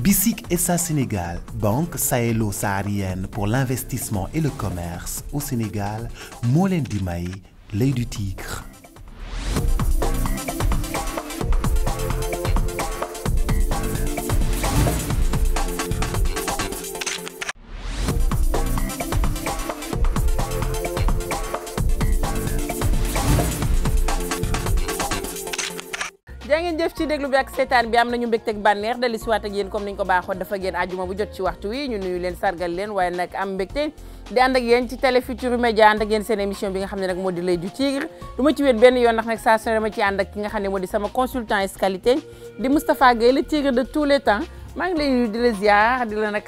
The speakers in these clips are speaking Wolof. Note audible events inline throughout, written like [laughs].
BICIC SA Sénégal, banque sahélo-saharienne pour l'investissement et le commerce au Sénégal, moo leen di may du tigre. ci déglu bi ak seetaan bi am nañu mbégteeg bànneex dali siwaat ak yéen comme niñ ko baaxoon dafa génn àjjuma bu jot ci waxtu wi ñu nuyu leen sargal leen waaye nag am mbégte di ànd ak yéen ci Télé Futurs Médias ànd ak seen émission bi nga xam ne nag moo di l'Oeil du Tigre du ma ci wéet benn yoon ndax nag saa su ne dama ci le tigre de tous les temps maa ngi lay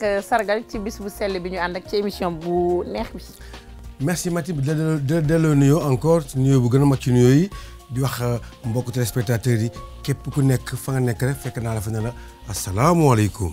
euh, sargal ci bis bu sell bi ñu ànd ak ci émission bu neex bi merci Mathi di la delloo nuyoo encore nuyoo bu gën a mag ci nuyoo yi di wax euh, mbokk téléspectateurs yi képp ku nekk fa nga nekk rek fekk naa la fa ne la asalaamaaleykum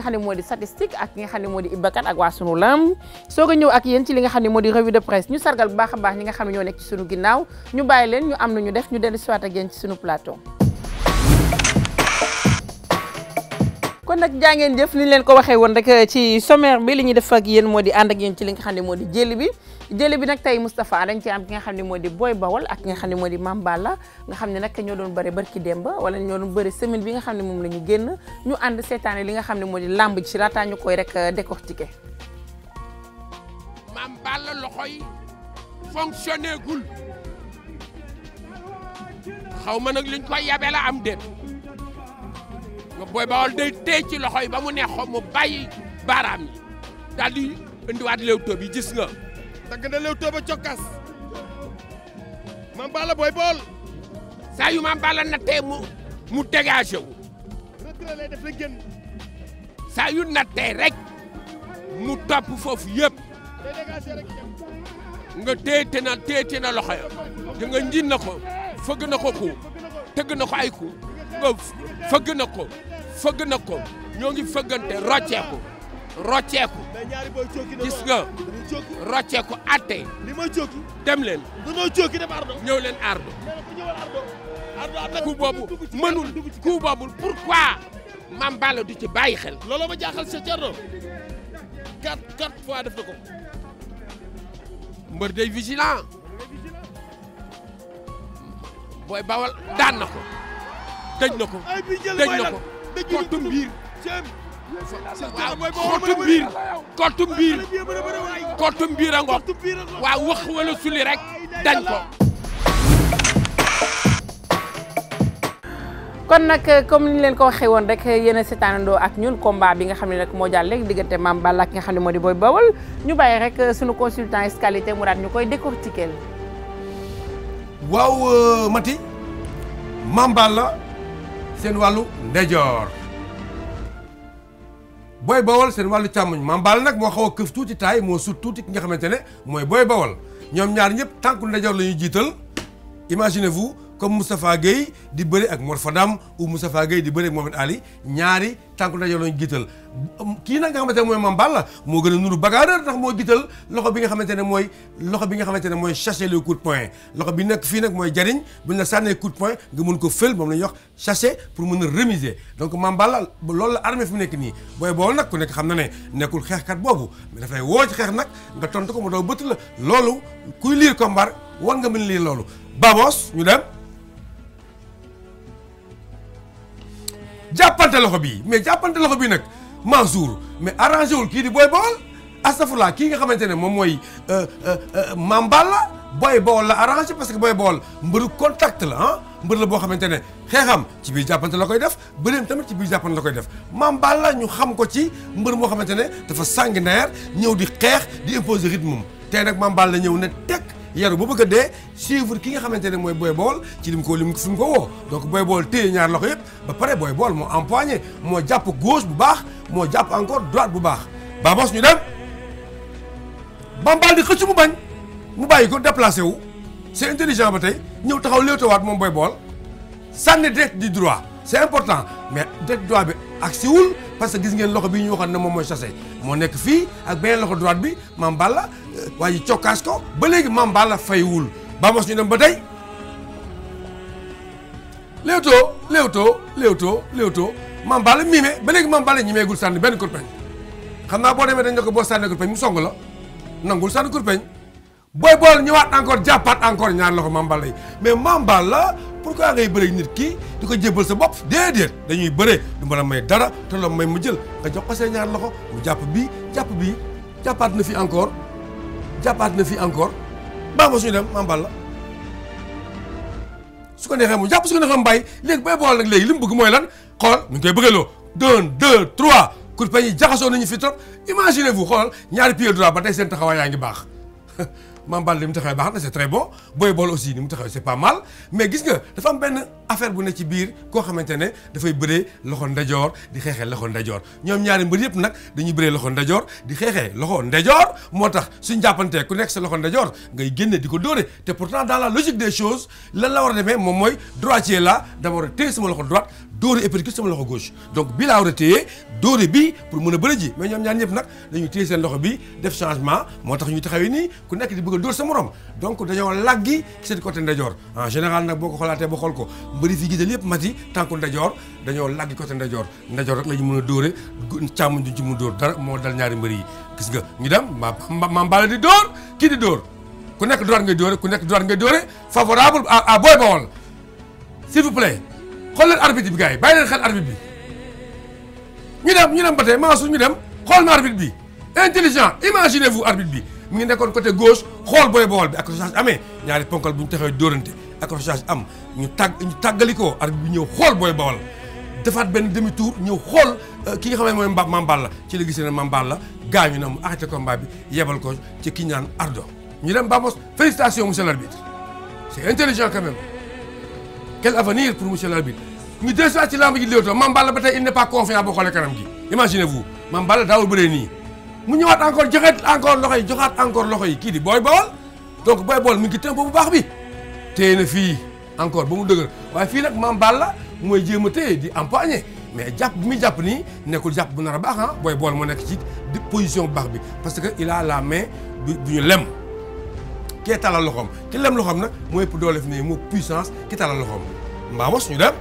nga xam ne moo di statistique ak ki nga xam ne moo di Ibakat ak waa lam soo ko ñëw ak yéen ci li nga xam moo di revue de presse ñu sargal bu baax a baax ñi nga xam ne ñoo nekk ci sunu ginnaaw ñu bàyyi leen ñu am lu ñu def ñu dellu siwaat ak yéen ci sunu plateau kon nag jàngeen ngeen jëf li leen ko waxee woon rek eh, ci sommaire bi li ñuy def ak yéen moo di ànd ak yéen ci li nga xam ne moo di jëli bi jëli bi nag tey Moustapha dañ ci am ki nga xam ne moo di Boy Bawol ak nga xam ne moo di Mame Balla nga xam ne nag ñoo doon bëri barki Demba wala ñoo doon bëri semaine bi nga xam ne moom la ñu génn ñu ànd seetaane li nga xam ne moo di làmb ci laataa ñu koy rek eh, décortiquer. Mame Balla loxo ma nag luñ koy yabee am déet. booy bawol day téye ci loxo yi ba mu neexoo mu bàyyi baaraam yi daal di indiwaat léewtoo bi gis nga. dagg na léewtoo ba cokkas maam Balla booy bool. saa yu maam nattee mu mu dégagé nattee rek mu topp foofu yëpp. nga téete na téete na loxo ya da ko ko ku ko ay ku nga fëgg ko fëgg ko ñoo ngi fëggante rocceeku rocceeku gis nga rocceeku atte dem leen ñëw leen ardo ku boobu mënul ku boobul pourquoi Mame Balla du ci bàyyi xel looloo ma jaaxal sa Thierno quatre quatre fois def na ko mbër day vigilant booy bawal daan na ko dëj na ko dëj na ko kottum biir waaw kottum biir a ngoog waaw wax ko kon nag comme ni leen ko waxee woon rek yéen a seetaanandoo ak ñun combat bi nga xam ne nag moo jàll rek diggante Mame Balla ak nga xam ne moo di Boy Baol ñu bàyyi rek suñu consultant escalité mu daal ñu koy décortiquer waaw euh, Mati Mame Balla seen wàllu ndejoor booy bawal seen wàllu càmmoñ maam baal nag moo xaw a këf tuuti taay moo sut tuuti ki nga xamante ne mooy booy bawal ñoom ñaar ñëpp tànku ndejoor la ñuy jiital imaginez-vous comme Moustapha Guèye di bëri ak Mor Fadam ou Moustapha Guèye di bëri ak Mohamed ñaari tànku daje lañu jiital kii nag nga xamante ne mooy Mame Balla moo gën a nuru bagarreur ndax moo jiital loxo bi nga xamante ne mooy loxo bi nga xamante ne mooy chasser le coup de poing bi nekk fii nag mooy jariñ bu sànnee coup de poing nga ko fël moom la ñuy wax chasser pour mën a remiser donc Mame Balla loolu la armée mu nekk nii booy boobu nag ku nekk xam na ne nekkul xeexkat boobu mais dafay woo xeex nag nga tontu ko mu daw bëtt la loolu kuy liir combat war nga mën liir loolu babos ñu dem jàppante loxo bii mais jàppante loxo bii nag Mansour mais arrangé wul kii di booy bawol astafurlah kii nga xamante ne moom mooy euh, euh, euh, Mamballa booy bawol la arrangé parce que booy bawol mbëru contact la ah mbër la boo xamante ne xeexam ci biir jàppante la koy def bëreem tamit ci biir jàppante la koy def Mamballa ñu xam ko ci mbër moo xamante ne dafa sanguinaire ñëw di xeex di imposer rythme am tey nag Mamballa ñëw ne teg. yaru ba bëgg a dee suivre ki nga xamante ne mooy Boy bool ci lim ko lim fi mu ko woo donc Boy bool téye ñaar loxo yëpp ba pare Boy Baol moo empoigné moo jàpp gauche bu baax moo jàpp encore droite bu baax Babos ñu dem Bambal di xëcc mu bañ mu bàyyi ko déplacé wu c'est intelligent ba tey ñëw taxaw waat moom Boy Baol sànni direct du droit c'est important mais direct droit bi ak siwul parce que gis ngeen loxo bi ñu waxoon ne moom mooy chassé moo nekk fii ak beneen loxo droite bi maam waa ji cokkaas ko ba léegi Mame Balla faywul ba mos ñu ba day Leewtoo Leewtoo Leewtoo Leewtoo Mame Balla miime ba léegi Mame Balla ñimeegul sànni benn kurpeñ xam naa boo demee dañ ne ko boo sànni kurpeñ mu song la nangul sànni kurpeñ booy bool ñëwaat encore jàppaat encore ñaar loxo Mame Balla yi mais Mame Balla pourquoi ngay bëre nit ki di ko jébbal sa bopp déedéet dañuy bëre du mën a may dara te loo may mu jël nga jox ko seen ñaar loxo mu jàpp bi jàpp bii jàppaat na fi encore jàppaat na fii encore baax ma suñu dem maam Balla su ko neexee mu jàpp su ko neexee mu bàyyi léegi bay bool nag léegi li mu bëgg mooy lan xoolal mu ngi koy bëggaloo deux deux trois kurpeñ yi jaxasoo nañu fi trop imaginez vous xoolal ñaari pieds droit ba tey seen taxawaay yaa ngi baax [laughs] Mame Balla li mu taxawee baax na c'est très bon Boy Bool aussi ni mu taxawee c'est pas mal mais gis nga dafa am benn affaire bu ne ci biir koo xamante ne dafay bëree loxo ndajoor di xeexee loxo ndajoor ñoom ñaari mbër yëpp nag dañuy bëree loxo ndajoor di xeexee loxo ndajoor moo tax suñ jàppantee ku nekk sa loxo ndajoor ngay génne di ko dóore te pourtant dans la logique de choses lan la war a demee moom mooy droitier la dama war a téye sama loxo droite dóore uppercut sama loxo gauche donc bi laa war a téye dóore bi pour mën a bëri ji mais ñoom ñaar ñëpp nag dañuy téye seen loxo bi def changement moo tax ñuy taxawee nii ku nekk di bëgg a sa morom donc dañoo laggi seen côté ndajoor en général nag boo ko xoolaatee ba xool ko mbëri fi gisal yëpp mati tànku ndajoor dañoo laggi côté ndajoor ndajoor rek la ñu mën a dóore càmm duñ ci mun dóor dara moo dal ñaari mbëri yi gis nga ñu dem ma mbaala di dóor kii di dóor ku nekk droite ngay dóore ku nekk droite ngay dóore favorable à Boy Baol s'il vous plaît xool leen arbitre bi gars yi bàyyi leen xel arbitre bi ñu dem ñu dem ba tey su ñu dem xool na arbitre bi intelligent imaginez vous arbitre bi mu ngi nekkoon côté gauche xool booy bool bi accrochage amee ñaari ponkal bu ñu taxee dóorante accrochage am ñu tàgg ñu tàggalikoo arbitre bi ñëw xool booy bool defaat benn demi tour ñëw xool euh, ki nga xam ne mooy mba mambal la ci la gisee ne mambal la gaañu na mu arrêté combat bi yebal ko ci ki ñaan ardo ñu dem Bamos félicitations monsieur l'arbitre c'est intelligent quand même quel avenir pour mu dellusiwaat ci lamb ji Leewtoo Mame Balla ba tey il n'est pas confiant boo xoolee kanam gi imaginez vous Mame Balla daawul bëree nii mu ñëwaat encore joxeet encore loxo yi joxaat encore loxo yi kii di Boy Baol donc Boy Baol mu ngi tempo bu baax bi téye na fii encore ba mu dëgër waaye fii nag Mame Balla mooy jéem a téye di empoigné mais jàpp bi muy jàpp nii nekkul jàpp bu nar a baax ah Boy Baol moo nekk ci position bu baax bi parce que il a la main bu ñu lem kee talal loxoom ki lem loxoom nag mooy ëpp doole fi mu ne moo puissance ki talal loxoom mbaa mos ñu dem.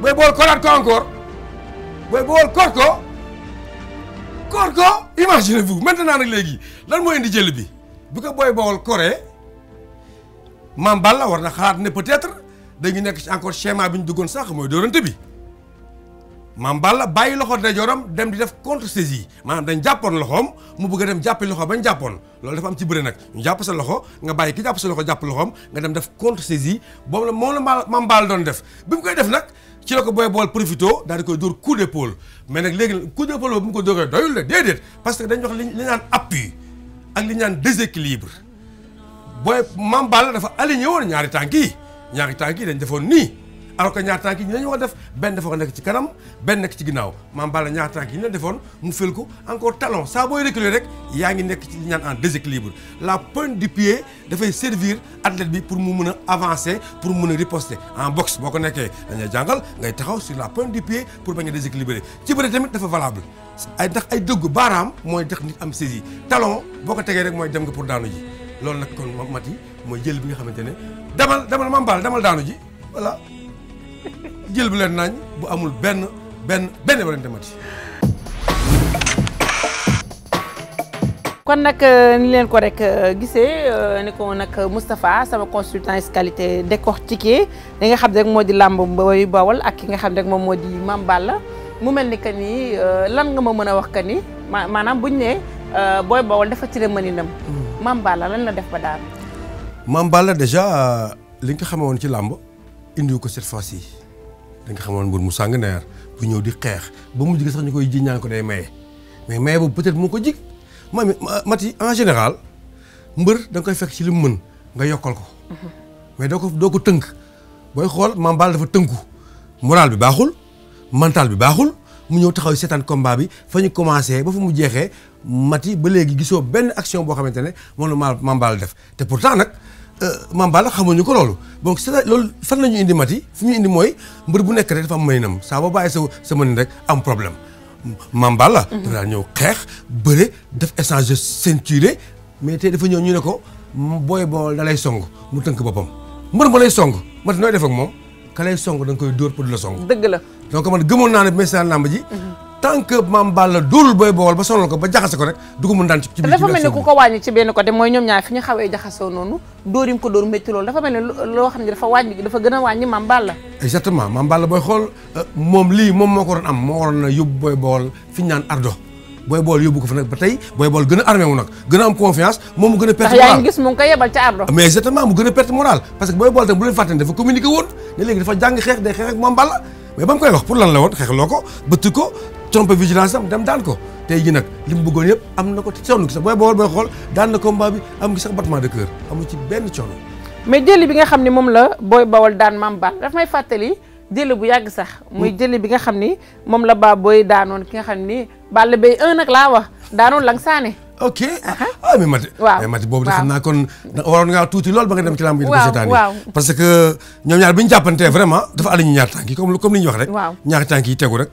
booy bool koraat ko encore booy bool kor ko kor ko imaginez-vous maintenant nag léegi lan moo indi jël bi bu ko booy bool koree maam la war na xalaat ne peut-être dañu nekk ci encore schéma bi ñu duggoon sax mooy dóorante bi maam la bàyyi loxo ndeyjooram dem di def contre saisie maanaam dañ jàppoon loxoom mu bëgg dem jàppi loxo bañ jàppoon loolu dafa am ci bëre nag ñu jàpp sa loxo nga bàyyi ki jàpp sa loxo jàpp loxoom nga dem def contre saisie boobu la moom la maam Balla doon def bi koy def nag ci la ko booy bool profité daal di koy dóor coup d'épaule mais nag léegi coup d'épaule boobu mu ko dóoree doyul la déedéet parce que dañu wax li li naan appui ak li naan déséquilibre booy Mame Balla dafa aligné woon ñaari tànk yi ñaari tànk yi dañ defoon nii. alors que ñaar tànk yi ne ñu ko def benn dafa ko nekk ci kanam benn nekk ci ginnaaw maam Balla ñaar tànk yi ñu ne defoon mu fël ko encore talon saa booy reculer yaa ngi nekk ci ñaan en déséquilibre la pointe du pied dafay servir athlète bi pour mu mën a avancer pour mu a riposter en boxe boo ko nekkee dañuy jàngal ngay taxaw sur la pointe du pied pour bañ a déséquilibrer ci tamit dafa valable ay ndax ay dëggu baaraam mooy tax nit am saisie talon boo ko tegee rek mooy dem nga pour daanu ji loolu nag kon Mati mooy jël bi nga xamante ne demal demal maam Balla demal daanu ji voilà jël bu leen nañ bu amul benn benn benn werante kon nag euh, ni leen ko rek euh, gisee euh, ni ko nag Moustapha sama consultant qualité décortiqué li nga xam ne rek moo di làmb mbay bawal ak ki nga xam ne rek moom moo di Mame la mu mel ni que ni lan nga ma mën a wax que ni maanaam bu buñ ne booy bawal dafa ci mëninam hmm. Mame Balla lan la def ba daal. Mame Balla déjà li nga xamoon ci làmb indiwu ko cette fois-ci dañ ko xamoon mbir mu sanguinaire bu ñëw di xeex ba mu gi sax ñu koy ji ñaan ko day maye mais maye boobu peut-être moo ko jig ma mati en général mbër da koy fekk ci li mu mën nga yokkal ko. mais doo ko doo ko tënk booy xool Mame Balla dafa tënku moral bi baaxul mantal bi baaxul mu ñëw taxaw seetaan combat bi fa ñu commencé ba fa mu jeexee mati ba léegi gisoo benn action boo xamante ne moom la Mame Balla def te pourtant nag. Euh, Mame Balla ñu ko loolu donc c'est loolu fan la ñu indi mat yi fi ñu indi mooy mbër bu nekk rek dafa am mëninam saa ba bàyyi sa sa mënin rek am problème Mame Balla dafa daan ñëw xeex bëre def échange ceinture mais tey dafa ñëw ñu ne ko booy bool da lay song mu tënk boppam mbër ma lay song mat nooy def ak moom ka lay song da nga koy dóor pour di la song dëgg la donc man gëmoon naa ne message làmb ji mhm. tant que Mame Balla dafa gën a wàññi Mame Balla exactement Mame Balla booy xool euh, moom moo ko doon am moo waroon na yóbbu gën a am confiance moom mu gën a perte moral parce que Boy Baol tam bu leen fàtte dafa communiqué woon ne léegi dafa jàng xeex day xeex ak Mame Balla mais ba mu koy wax pour lan la woon xeexloo ko ko trompe vigilance am dem daan ko tey ji nag li mu am na ko sonn gi sax booy bool booy xool daan na combat bi am ngi sax battement de cœur amu ci benn coono. nga xam ne moom la booy bawal daan maam baax daf may fàttali jëli bu yàgg sax. muy hmm. jëli bi nga xam ni moom la ba booy daanoon ki nga xam ni bàll bay un nag laa wax daanoon lang saane. ok ah, ah. ah mais Mati. waaw mais Mati boobu de xam naa kon. waroon ngaa bi ñu jàppantee vraiment dafa àll ñu ñaar tànk yi comme comme ni ñu wax rek. waaw ñaar tànk yi tegu rek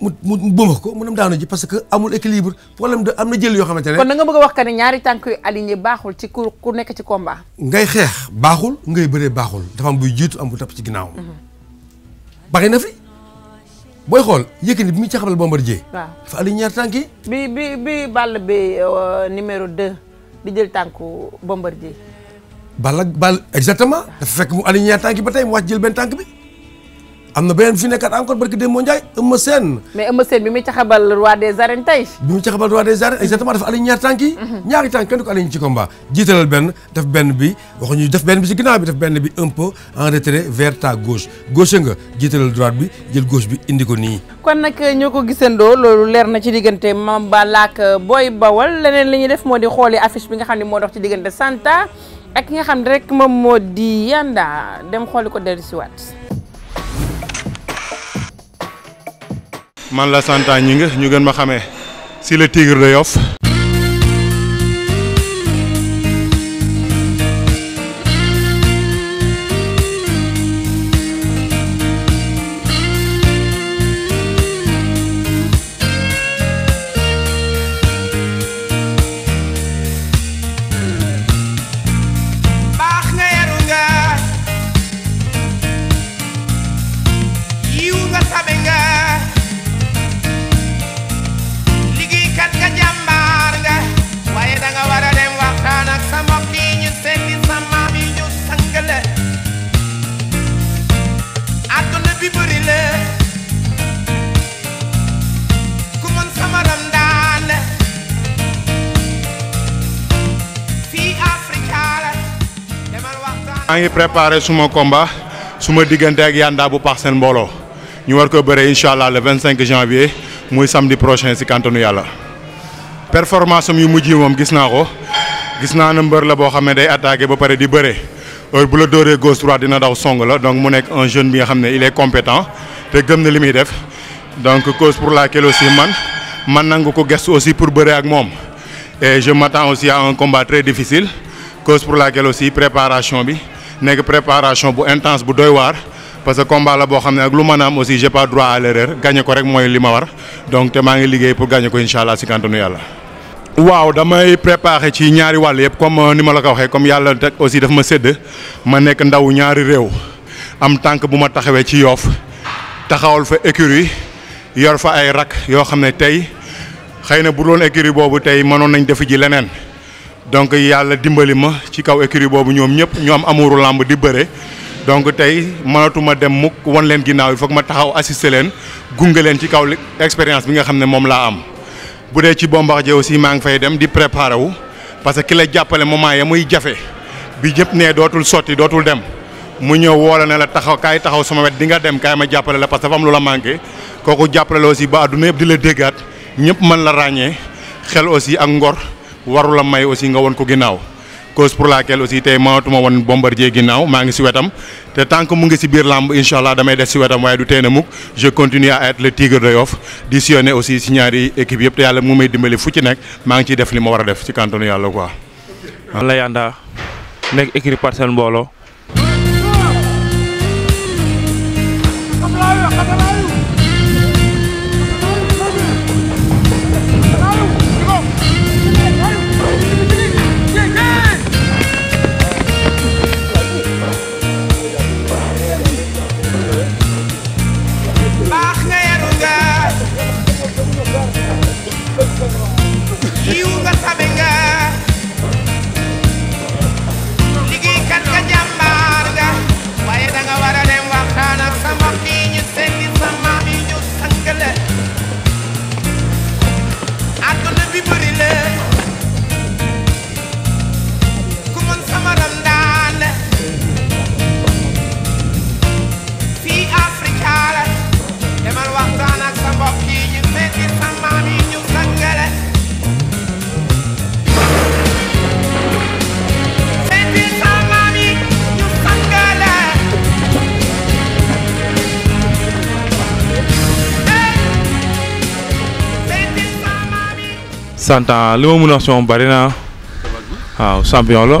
mu mu bëma ko mu dem daanu ji parce que amul équilibre problème am na jël yoo xamante ne. kon na nga bëgg a wax que ne ñaari tànk yu aligné baaxul ci ku nekk ci combat. ngay xeex baaxul ngay bëree baaxul dafa am buy jiitu am bu topp ci ginnaaw. Mhm. bari na fi xool Yékini bi muy caxabal Bombardier. waaw dafa aligné ñaari tànk yi. bi bi bi Balla bi euh, numéro 2 di jël tànku Bombardier. Balla Balla exactement. dafa fekk mu aligné ñaari tànk yi ba tey mu wàcc jël benn tànk bi. am na beneen fi nekkat encore barki démb moo Ndiaye Eumeu Sène. mais Eumeu Sène bi muy caxabal roi des roi des arènes exactement mhm. benn def benn bi waxuñu def benn bi ci ginnaaw bi def benn bi un peu en retrait vers ta gauche gauche nga jiitalal droite bi jël gauche bi indi ko nii. kon nag ñoo ko gisandoo loolu leer na ci diggante Mame Balla ak Boy Bawal leneen li ñuy def moo di xooli affiche bi nga xam ne moo dox ci diggante Santa ak nga xam ne rek moom moo di Yanda dem xooli ko dellusiwaat. man la santaan ñi nga ñu gën ma xamee si le tigre de Yoff ngi préparé suma combat suma diggante ak Yanda bu paax seen mbooloo ñu war ko bëree incha allah le vingt cinq janvier muy samedi prochain si kantanu yàlla. performance am yu mujj moom gis naa ko gis naa na mbër la boo xam ne day attaqué ba pare di bëre heure bu la dóoree gauche droite dina daw song la donc mu nekk un jeune bi nga xam ne il est compétent te gëm na li muy def donc cause pour laquelle aussi man man nangu ko gestu aussi pour bëre ak moom et je m'attends aussi difficile cause pour laquelle aussi préparation bi. nekk préparation bu intense bu doy waar parce que combat la boo xam ne ak lu mën a am aussi j'ai pas droit à l'erreur gagné ko rek mooy li ma war donc te maa ngi liggéey pour gagné ko incha allah si kàntanu yàlla. waaw damay préparé ci ñaari wàll yëpp comme euh, ni ma la ko waxee comme yàlla teg aussi daf ma sédd ma nekk ndaw ñaari réew am tànk bu ma taxawee ci yoof taxawal fa écurie yor fa ay rak yoo xam ne tey xëy na bu doon écurie boobu tey mënoon nañ def ji leneen. donc yàlla dimbali ma ci kaw écurie boobu ñoom ñëpp ñoo am amuuru làmb di bëre donc tey mënatuma dem mukk wan leen ginnaaw il faut ma taxaw assister leen gunge leen ci kaw expérience bi nga xam ne moom laa am. bu dee ci Bombardier aussi maa ngi fay dem di préparer wu parce que ki la jàppale moment ya muy jafe bi ñëpp nee dootul sotti dootul dem mu ñëw woole ne la taxaw kaay taxaw sama wet di nga dem kaay ma jàppale la parce que dafa am lu la manqué kooku jàppale aussi ba àdduna yëpp ñëpp mën la ràññee xel aussi ak ngor. waru la may aussi nga won ko ginnaaw cause pour laquelle aussi tey mënatuma woon Bombardier ginnaaw maa ngi si wetam te tant mu ngi si biir làmb incha allah damay des si wetam waaye du tey na mukk je continue à être tigre de Yoff di sillonner aussi si ñaari équipe yëpp te yàlla mu may dimbali fu ci nekk maa ngi ciy def li ma war def ci kàntanu yàlla quoi. man la Yanda nekk équipe parcelle mbooloo. cent li ma mën a wax si moom bëri waaw champion la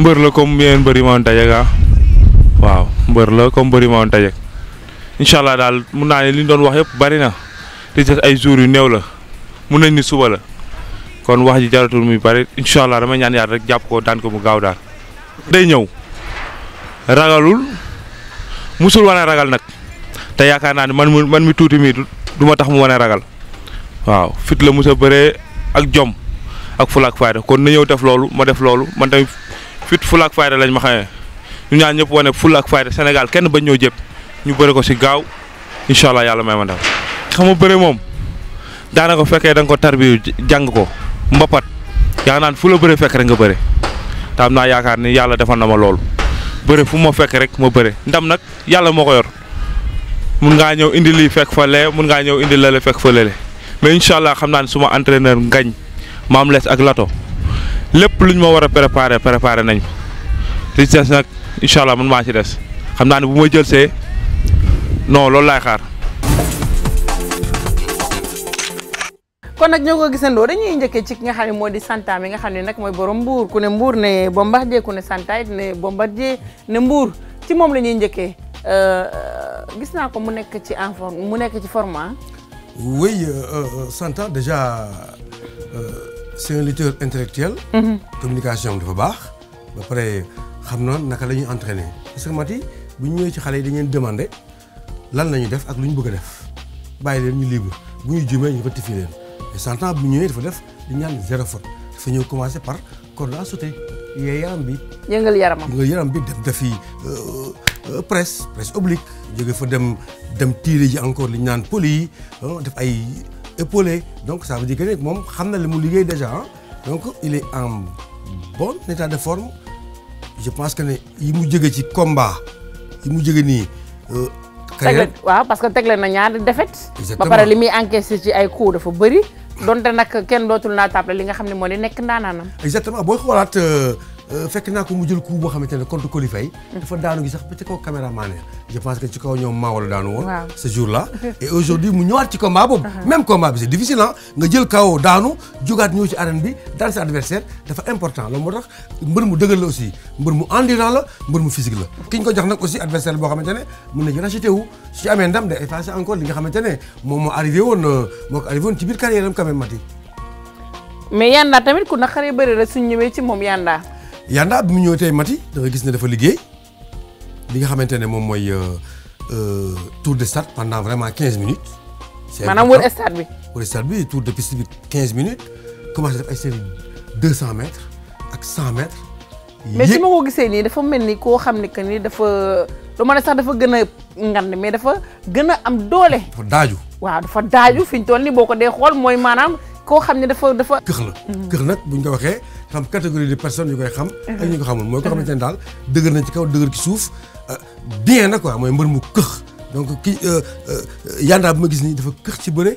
mbër la comme yeneen mbër yi ma doon dajeeg ah. waaw mbër la comme mbër ma doon dajeeg incha daal mun naa ne li ñu doon wax yëpp bëri na te des ay jours yu néew la mu nañ ni suba la kon wax ji jaratul muy bëri incha allah dama ñaan yaar rek jàpp ko daan ko mu gaaw daal. day ñëw ragalul musul wane ragal nag te yaakaar naa ne man man mi tuuti mii du tax mu wane ragal. waaw fit la mos a bëree ak jom ak fulaak fayda kon na ñëw def loolu ma def loolu man tamit fit ak fayda lañ ma xamee ñu ñaan ñëpp wane fulaak fayda Sénégal kenn ba ñoo jëpp ñu bëre ko si gaaw incha allah yàlla may ma def xam ma bëree moom daanaka fekkee da nga ko tarbiyu jàng ko mbapat yaa naan fu la bëre fekk rek nga bëre te naa yaakaar ni yàlla defal na ma loolu bëre fu ma fekk rek ma bëre ndam nag yàlla moo ko yor mun ngaa ñëw indi lii fekk fa lee mun ngaa ñëw indi lale fekk fa lale mais incha allah xam naa ne suma entraîneur ngañ maam les ak lato lépp lu ñu ma war a préparé préparé nañ li ci des nag incha allah man maa ci des xam naa ne bu ma jël see non loolu laay xaar. kon nag ñoo ko gisandoo dañuy njëkkee ci ki nga xam ne moo di Santa mi nga xam ne nag mooy borom mbuur ku ne mbuur ne Bombardier ku ne Santa it ne Bombardier ne mbuur ci moom lañuy ñuy njëkkee euh, euh, gis naa ko mu nekk ci en mu nekk ci format ah. Oui, euh, euh, Santa, déjà, euh, c'est un lutteur intellectuel. Mm dafa baax. ba pare xam na naka la ñuy entraîner parce bu ñu ñëwee ci xale yi dañu leen demander lan la ñuy def ak lu ñu bëgg a def bàyyi leen ñu libre bu ñu jëmee ñu rectifier leen Santa bu ñëwee dafa def li ñu naan zéro faute dafa ñëw commencer par corde à sauter yaram bi. yëngal yaramam yaram bi def dafi euh, Euh, presse presse oblique jóge fa dem dem tiire ji encore li ñu naan poli def ay épaulé donc ça veut dire moom xam na li mu liggéey déjà donc il est en bon état de forme je pense que ne yi mu jóge ci combat yi mu jóge nii. Euh, carrière waaw parce que tegle na ñaari défaite. ba pare li muy encaissé ci ay coups dafa bëri donte nag kenn dootul naa table li nga xam ne moo di nekk ndaanaanam. exactement booy xoolaat. Euh, Euh, fekk naa ko mu jël coup boo xamante ne contre Colifay mm. dafa daanu gi sax ba ci kaw caméraman je maa [laughs] mu ñëwaat ci combat boobu uh-huh. même combat ko jox nag aussi adversaire boo xamante ne mën nañu racheté wu su ci amee ndam encore li nga xamante ne moom moo arrivé woon euh, moo ko arrivé woon ci biir carrière am quand même Mati mais Yanda tamit ku naqaree bëri suñ ñëwee ci moom Yanda Yanda bi mu ñëw tey Mati da nga gis ne dafa liggéey li nga xamante ne moom mooy euh, euh, tour de stade pendant vraiment 15 minutes. c' est maanaam wër stade bi. bi tour de piste bi 15 minutes commencé def ay série 200 mètres ak 100 mètres. mais si ma ko gisee nii dafa mel ni koo xam ne que ni dafa lu ma ne dafa gën a ngand mais dafa gën a am doole. dafa daaju. waaw dafa daaju fi toll nii boo ko dee xool mooy maanaam koo xam ne dafa dafa. këx la. Mm-hmm. këx nag ñu ko waxee xam catégorie de personnes yu koy xam. Mm-hmm. ak ñu ko xamul mooy ko mm-hmm. xamante ne daal dëgër na ci kaw dëgër ci suuf euh, bien na quoi mooy mbër mu këx donc ki euh, euh, Yanda bu ma gis nii dafa këx ci bëre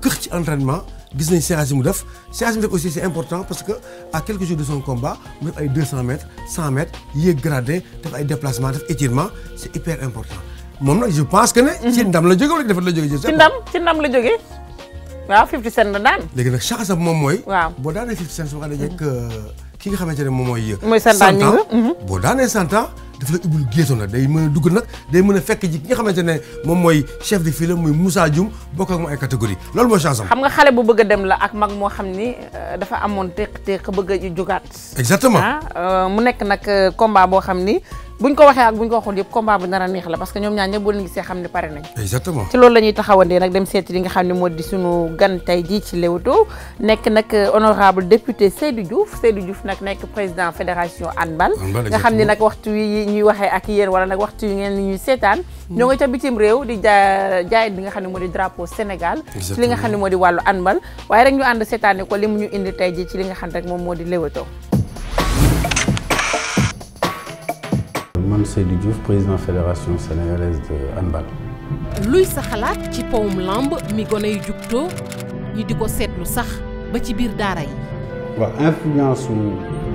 këx ci entraînement. gis nañ séance mu def séance yi mu def aussi c'est important parce que à quelques jours de son combat mu def ay 200 mètres 100 mètres yéeg def ay déplacement def étirement c'est hyper important moom nag je pense que ne. ci la jógee la jógee. ci ndam ci ndam la jógee. waaw 50 Cent la daan. léegi nag chance moom mooy. waaw boo daanee 50 Cent su ma euh, ki nga xamante ne moom mooy. Euh, mooy Santa ñu nga mhm. daanee Santa daf la day mën a dugg nag day mën a fekk ji ki nga xamante ne moom mooy chef de file muy Moussa Dioum bokk ak moom ay catégorie loolu mooy chance am. nga xale bu bëgg a la ak mag moo xam ni euh, dafa amoon teq-teq bëgg a jugaat. exactement ah, mu nekk nag combat boo xam ni. buñ ko waxee ak buñ ko waxul yëpp combat bu nar a neex la parce que ñoom ñaar ñëpp boo ne pare nañ exactement ci loolu moo di suñu gan tey jii ci Leewtoo nekk nag euh, honorable député Seydou Diouf Seydou Diouf nag nekk président fédération handball nga xam ne nag waxtu yi ñuy waxee ak yéen wala nag waxtu yi ngeen ñuy seetaan hmm. ñoo ngi bitim réew di jaa jaay li nga xam ne moo di drapeau Sénégal li nga xam ne moo di wàllu handball waaye rek ñu ànd seetaane ko li mu ñu indi tey jii ci li nga xam ne rek moom moo di Leewtoo man Seydou Diouf président fédération sénégalaise de handball. luy sa xalaat ci powum lamb mi gone yu jugtoo ñu di ko seetlu sax ba ci biir daara yi. waaw influence su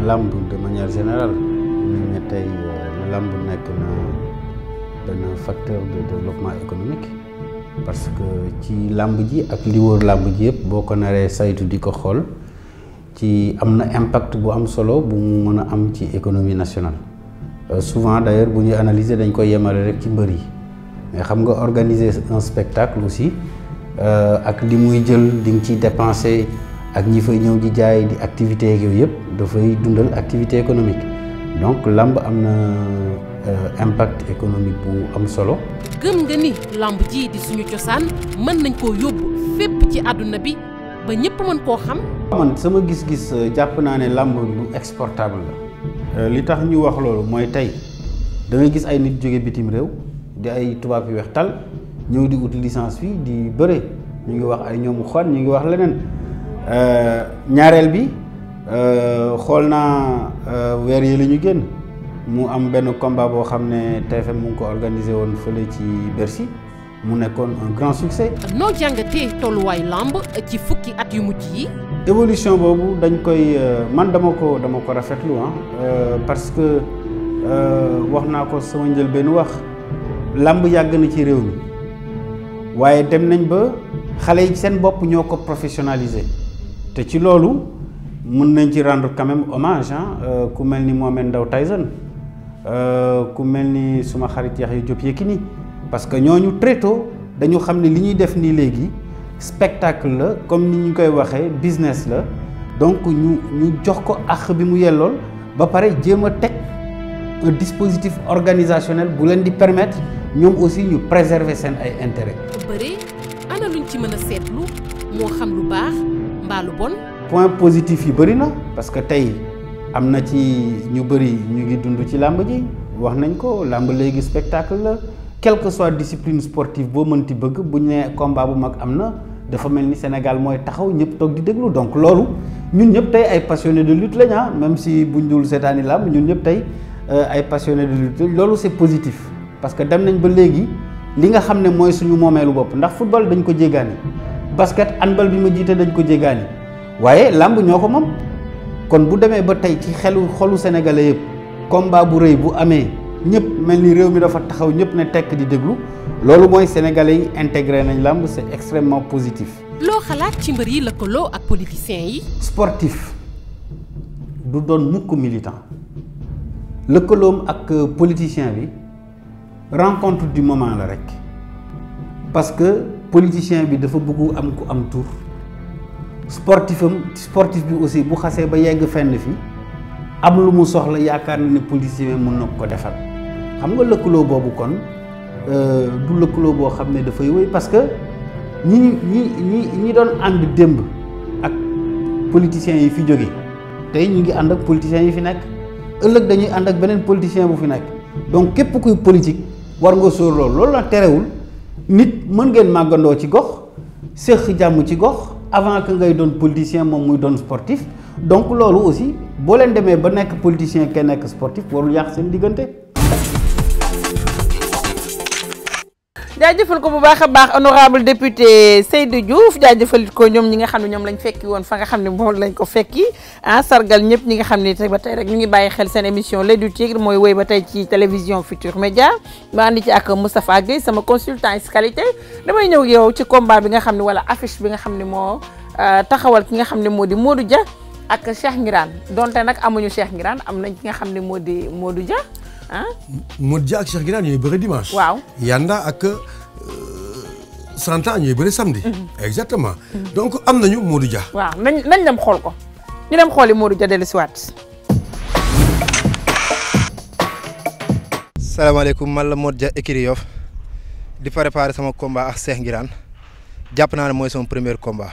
làmb de manière générale ñu ne tey euh, lamb nekk na benn facteur de développement économique parce que ci làmb ji ak li wër lamb ji yëpp boo ko naree saytu di ko xool ci am na impact bu am solo bu mu mën a am ci économie nationale. Euh, souvent d'ailleurs bu ñuy analyser dañ koy yemale rek ci mbër yi mais xam nga organiser un spectacle aussi euh, ak li muy jël di nga ciy dépenser ak ñi fay ñëw ji jaay di activité ak yooyu yëpp dafay dundal activité économique donc làmb am na euh, impact économique bu am solo. gëm nga ni làmb ji di suñu cosaan mën nañ koo yóbbu fépp ci àdduna bi ba ñëpp mën koo xam. man sama gis-gis jàpp naa ne làmb bu exportable la. Euh, li tax ñu wax loolu mooy tey dangay gis ay nit jóge bitim réew di ay tubaab yu weex tal ñëw di ut licence fii di bëre ñu ngi wax ay ñoomu xool ñu ngi wax leneen euh, ñaareel bi euh, xool naa weer yi la ñu génn mu am benn combat boo xam ne TFM mu ngi ko organisé woon fële ci Bercy mu nekkoon un grand succès. noo jàngatee tolluwaayu làmb ci fukki at yu mujj yi. évolution boobu dañ koy euh, man dama ko dama ko rafetlu ah parce que euh, wax naa ko sama benn wax làmb yàgg na ci réew mi waaye dem nañ ba xale yi seen bopp ñoo ko professionnaliser te ci loolu mën nañ ci rendre quand même hommage ku mel ni Mohamed Ndao Tyson ku mel ni suma xarit Yaxya Diop Yékini parce que ñooñu très tôt dañu xam ne li ñuy def nii léegi spectacle la comme ni ñu koy waxee business la donc ñu ñu jox ko àq bi mu yellool ba pare jéem a teg un dispositif organisationnel bu leen di permettre ñoom aussi ñu préserver seen ay intérêt bëri ana luñ ci mën a seetlu moo xam lu baax mbaa lu bon point positif yi bëri na parce que tey am na ci ñu bëri ñu ngi dund ci làmb ji wax nañ ko làmb léegi spectacle la quelle que soit discipline sportive boo mënti bëgg bu ñu nee combat bu mag am na dafa mel ni Sénégal mooy taxaw ñëpp toog di déglu donc loolu ñun ñëpp tey ay passionné de lutte lañ ah même si buñ dul seetaani làmb ñun ñëpp tey euh, ay passionné de lutte loolu c'est positif parce que dem nañ ba léegi li nga xam ne mooy suñu moomeelu bopp ndax football dañ ko jéggaani basket handball bi ma jiite dañ ko jéggaani waaye làmb ñoo ko moom kon bu demee ba tey ci xelu xolu sénégalais yëpp combat bu rëy bu amee. ñëpp mel ni réew mi dafa taxaw ñëpp ne tekk di déglu loolu mooy sénégalais yi intégré nañ làmb c'est extrêmement positif. loo xalaat ci mbër yi lëkkaloo ak politiciens yi. sportif du doon mukk militant lëkkaloom ak politicien bi rencontre du moment la rek parce que politicien bi dafa bëggu am ku am tour sportifam sportif bi aussi bu xasee ba yegg fenn fii am lu mu soxla yaakaar na ne policier mën na ko defal xam nga lëkkaloo boobu kon euh, du lëkkaloo boo xam ne dafay wéy parce que ñi ñi ñi ñi doon ànd démb ak politiciens yi fi jóge tey ñu ngi ànd ak politiciens yi fi nekk ëllëg dañuy ànd ak beneen politicien bu fi nekk donc képp kuy politique war nga sóor loolu loolu terewul nit mën ngeen màggandoo ci gox séq jàmm ci gox avant que ngay doon politicien moom muy doon sportif donc loolu aussi boo leen demee ba nekk politicien ke nekk sportif warul yàq seen diggante. jaajëfal ko bu baax a baax honorable député Seydou Diouf jaajëfal ko ñoom ñi nga xam ne ñoom lañ fekki woon fa nga xam ne moo lañ ko fekki ah sargal ñëpp ñi nga xam ne ba tey rek ñu ngi bàyyi xel seen émission L'Oeil du Tigre mooy woy ba tey ci télévision Futur Média ma àndi ci ak Moustapha Guèye sama consultant fiscalité damay ñëw yow ci combat bi nga xam ne wala affiche bi nga xam ne moo euh, taxawal ki nga xam ne moo di Modou Dia ak Cheikh Ngiraan donte nag amuñu Cheikh Ngiraan am nañ ki nga xam ne moo di Modou Dia ah. Modou Dia ak Cheikh Ngiraan ñooy bëri dimanche. waaw Yanda ak euh, Santa ñooy bëri samedi. Mhm. exactement mhm. donc am nañu Modou Dia. waaw nañ dem xool ko ñu dem xooli Modou Dia dellu si waat. salaamaaleykum man la Modou Dia écurie Yoff di préparer sama combat ak Cheikh Ngiraan jàpp naa ne mooy sama première komba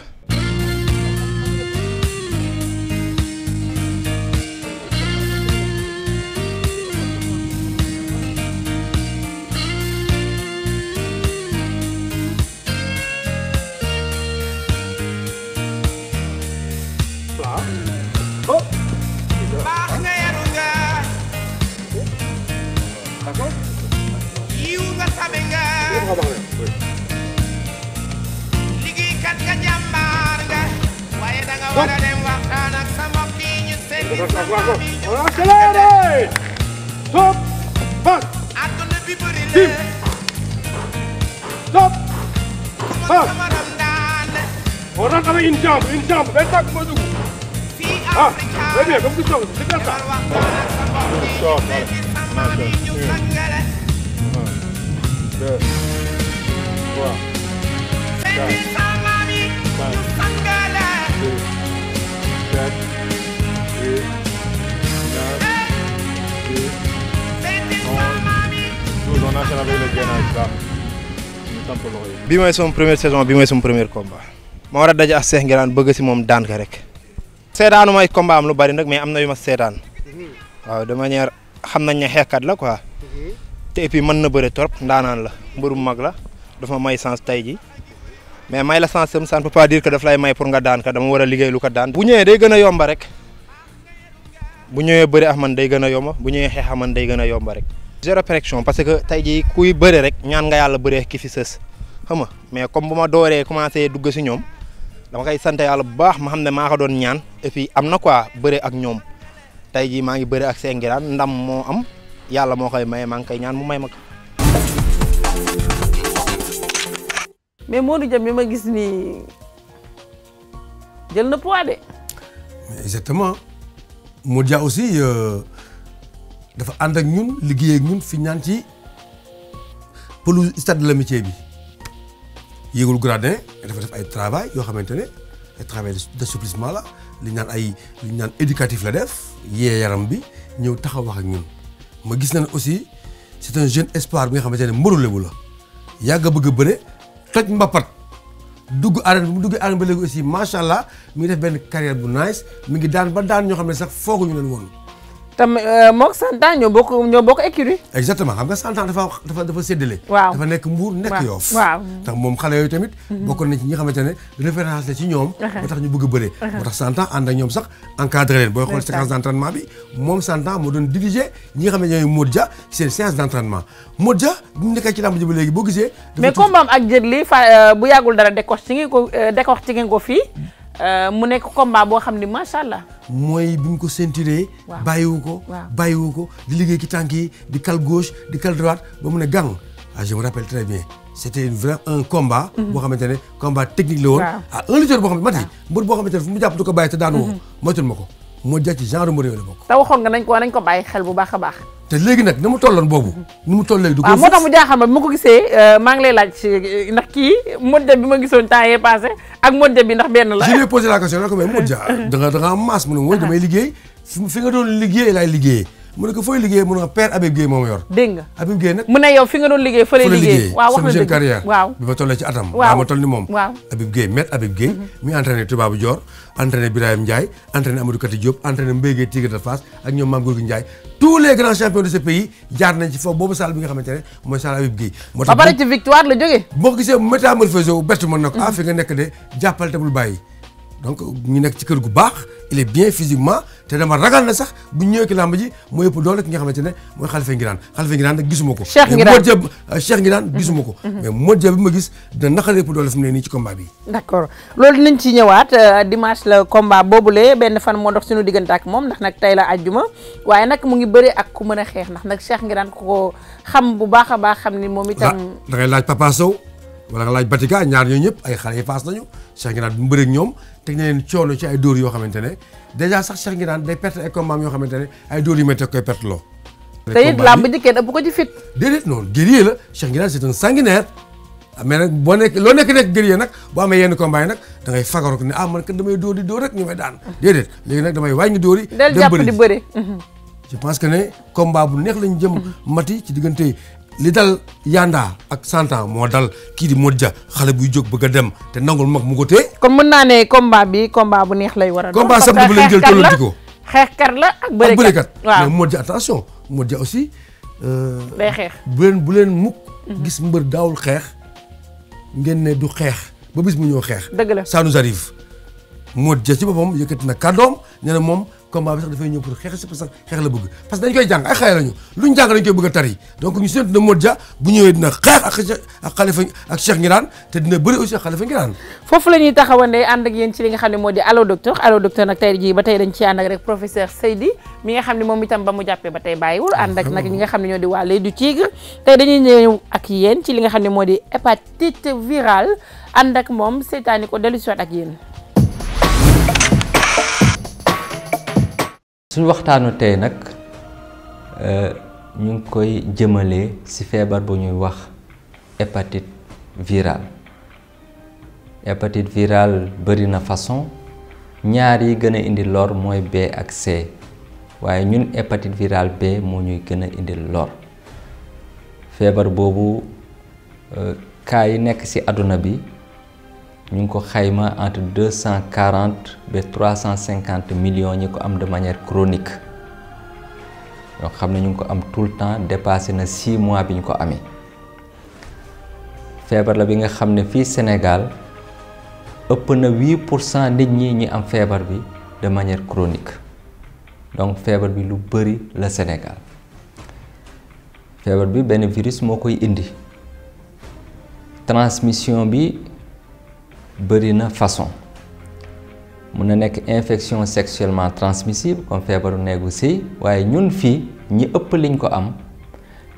One of them walk down and some of me, you say, Accelerate! Stop! Back! I'm gonna be putting Stop! Back! Orang kami in jump, in jump, bentak maju. Ah, lebih, kamu tu jump, sekitar tak? Jump, masuk. Dua, tiga. bi mooy sama première saison bi mooy sama premier combat ma war a daje ak Cheikh Ngelane bëgg si moom daan ka rek seetaanu may combat am lu bari mais am na yu ma seetaan waaw de manière xam nañ ne xeexkat la quoi te et puis na bëre torop ndaanaan la mbërum mag la dafa may sens tey ji mais may la sens sam pas dire que daf lay may pour nga daan ka dama war a liggéey lu ko daan bu ñëwee day gën a yomba rek bu ñëwee bëri ak man day gën a yomba bu ñëwee xeex ak man day gën a yomba rek. zéro parce que tey jii kuy bëre rek ñaan nga yàlla bëree ki fi sës xam nga mais comme bu ma dooree commencé dugg si ñoom dama koy sant yàlla bu baax ma xam ne maa ko doon ñaan et puis am na quoi bëre ak ñoom tey jii maa ngi bëre ak Sengiraan ndam moo am yàlla moo koy may maa ngi koy ñaan mu may ma mais Modou Dia ma gis nii jël na poids de. exactement. Modja aussi euh, dafa ànd ak ñun liggéey ak ñun fi ñaan ci pelouse stade de l'amitié bi yéegul gradin dafa def ay travail yoo xamante ne ay de d'assouplissement la li ñaan ay lu ñu naan éducatif la def yee yaram bi ñëw taxaw wax ak ñun ma gis nañ aussi c'est un jeune espoir bi nga xamante ne mbërëlewu la yàgg a bëgg bëre toj mbapat dugg arène bu dugg arène ba léegi aussi macha allah mu ngi def benn carrière bu nice mu ngi daan ba daan ñoo xam ne sax fooguñu leen woon. tam mook Santan ñoo bokk ñoo bokk écurie. exactement xam nga Santan dafa dafa dafa séddale. waaw dafa nekk Mbour moom xale yooyu tamit. bokkoon na ci nga xamante ne référence la ci ñoom. ba tax ñu bëgg a bëre. ba tax Santan sax encadré leen. booy xool séquence moom santa moo doon diriger ñi nga xam ne ñooy Modja seen séance d'entraînement Modja bu ñu nekkee ci làmb ji ba léegi boo gisee. mais combat am ak Jet Li fa bu yàggul dara décortiqué ko ko fii. Euh, mu nekk combat boo xam ni macha allah. mooy bi mu ko sentiree. waaw bàyyiwu ko. waaw bàyyiwu ko di liggéey ci tànk yi di kal gauche di cale droite ba mu ne gàng a ah, je me rappelle très bien c' était une vraie un combat. Mhm. boo xamante ne combat technique la woon. waaw ah un boo xam ne mati mbër boo xamante ne fu mu jàpp du ko bàyyi te daanu woo mhm. moytul ma ko. moo jaay ci genre mbir yooyu la bokk. te waxoon nga nañ ko nañ ko bàyyi xel bu baax a baax. te léegi nag ni mu tolloon boobu. ni mu toll léegi du moo tax mu jaaxal ma bi ma ko gisee euh, maa ngi lay laaj ndax kii Modja bi ma gisoon temps yee passé ak Modja bi ndax benn la. je lui ai posé la question ko mais Modja [laughs] da nga da nga am masse mu ne mooy damay liggéey fi nga doon liggéey lay liggéeyee mu ne ko fooy liggéey mu ne ko père Habib Guèye moom yor a nga Habib Guèye nag mu ne yow fi nga doon liggéey fële liggéey waaw wax na dëgg carrière waaw bi ma tollee ci atam ma toll ni moom waaw Habib Guèye maître Habib Guèye mm-hmm. mi entraîné Toubabou Dior entraîné Birahim Ndiaye entraîné Amadou Kati Diop entraîné Mbaye Guèye Tigre de Fass ak ñoom Mame de ce jaar nañ ci foofu boobu salle bi nga xamante ne mooy salle Habib Guèye moo tax ba pare ci victoire la jógee boo ko gisee métamorphosé wu bett mën na ko ah fi nga nekk de jàppal te bul donc ñu nekk ci kër gu baax il est bien physiquement te dama ragal na sax bu ñëwee ki làmb mooy moo yëpp doole ki nga xamante ne mooy xalifa ngiraan xalifa ngiraan nag gisuma ko Cheikh Ngiraan Modou Dia euh, Cheikh mhm. gisuma ko mhm. mais Modou ma gis da naqal yëpp doole fi mu ne nii ci combat bi d'accord loolu dinañ ci ñëwaat euh, dimanche la combat boobule benn fan moo dox suñu diggante moom ndax nag tey la ajjuma waaye nag mu ngi bëri ak ku mën a xeex ndax nag Cheikh Ngiraan ku ko xam bu baax a baax xam ni moom itam da ngay laaj Papa Sow wala nga laaj Batika ñaar ñooñu yëpp ay xale yi paas nañu Cheikh Ngiraan bu mu ñoom teg na leen coono ci ay dóor yoo xamante ne dèjà sax Cheikh Ngiraan day perte ay combat yoo xamante ne ay dóor yu métti koy perte loo. te it làmb ji kenn ëpp ko ci fit. déedéet non guerrier la Cheikh Ngiraan c'est un sanguinaire mais nag boo nekk loo nekk nekk guerrier nag boo amee yenn combat yi nag da ngay fagaru ko ne ah man kat damay dóor di dóor rek ñu may daan. déedéet léegi nag damay wàññi dóor yi. del jàpp di bëri je pense que ne combat bu neex lañ jëm. [laughs] mati ci diggante li dal Yanda ak Santa moo dal kii di Modja xale buy jóg bëgg a dem te nangul mag mu ko téye. kon mën naa ne combat bi combat bu neex lay war a doon. combat samedi bu leen jël tollanti ko xeexkat la ak bërekat waaw mais Modja attention Modja aussi. Euh, day xeex bu leen bu leen mukk. Mhm. gis mbër daawul xeex ngeen ne du xeex ba bis mu ñëw xeex. dëgg la ça nous arrive Modja ci boppam yëkkati na kàddoom ñu ne moom. combat bi sax dafay ñëw pour xeex si sax xeex la bëgg parce que dañ koy jàng ay xale lañu lu jàng dañ koy a tari donc ñu séntu na Modou Dia bu ñëwee dina xeex ak ak Ngiraan te dina bëri aussi ak xalifa Ngiraan foofu la ñuy taxawandee ànd ak yéen ci li nga xam ne moo di allo docteur allo docteur nag tey jii ba tey dañ ci ànd ak rek professeur ne moom itam ba mu jàppee ba tey bàyyiwul ah, ànd ak nag ñi nga xam ne ñoo di waa l'œil du tigre tey dañuy ñëw ak yéen ci li nga xam ne moo di hépatite virale ànd ak moom seetaani ko dellu siwaat ak yéen suñ waxtaanu tey nag euh, ñu ngi koy jëmalee ci feebar bu ñuy wax hépatite virale hépatite virale bari na façon ñaar yi gën a indi lor mooy B ak C waaye ñun hépatite viral B moo ñuy gën a indi lor feebar boobu kaa euh, yi nekk ci àdduna bi ñu ngi ko xayma entre deux cent quarante ba trois cent cinquante millions ñi ko am de manière chronique ñoo xam ne ñu ngi ko am tout le temps dépassé na sii mois bi ñu ko amee feebar la bi nga xam ne fii Sénégal ëpp na huit pour cent nit ñi ñi am feebar bi de manière chronique donc feebar bi lu bëri la Sénégal feebar bi benn virus moo koy indi transmission bi. bëri na façon mun na nekk infection sexuellement transmissible comme feebaru néegu sëy waaye ñun fii ñi ëpp liñ ko am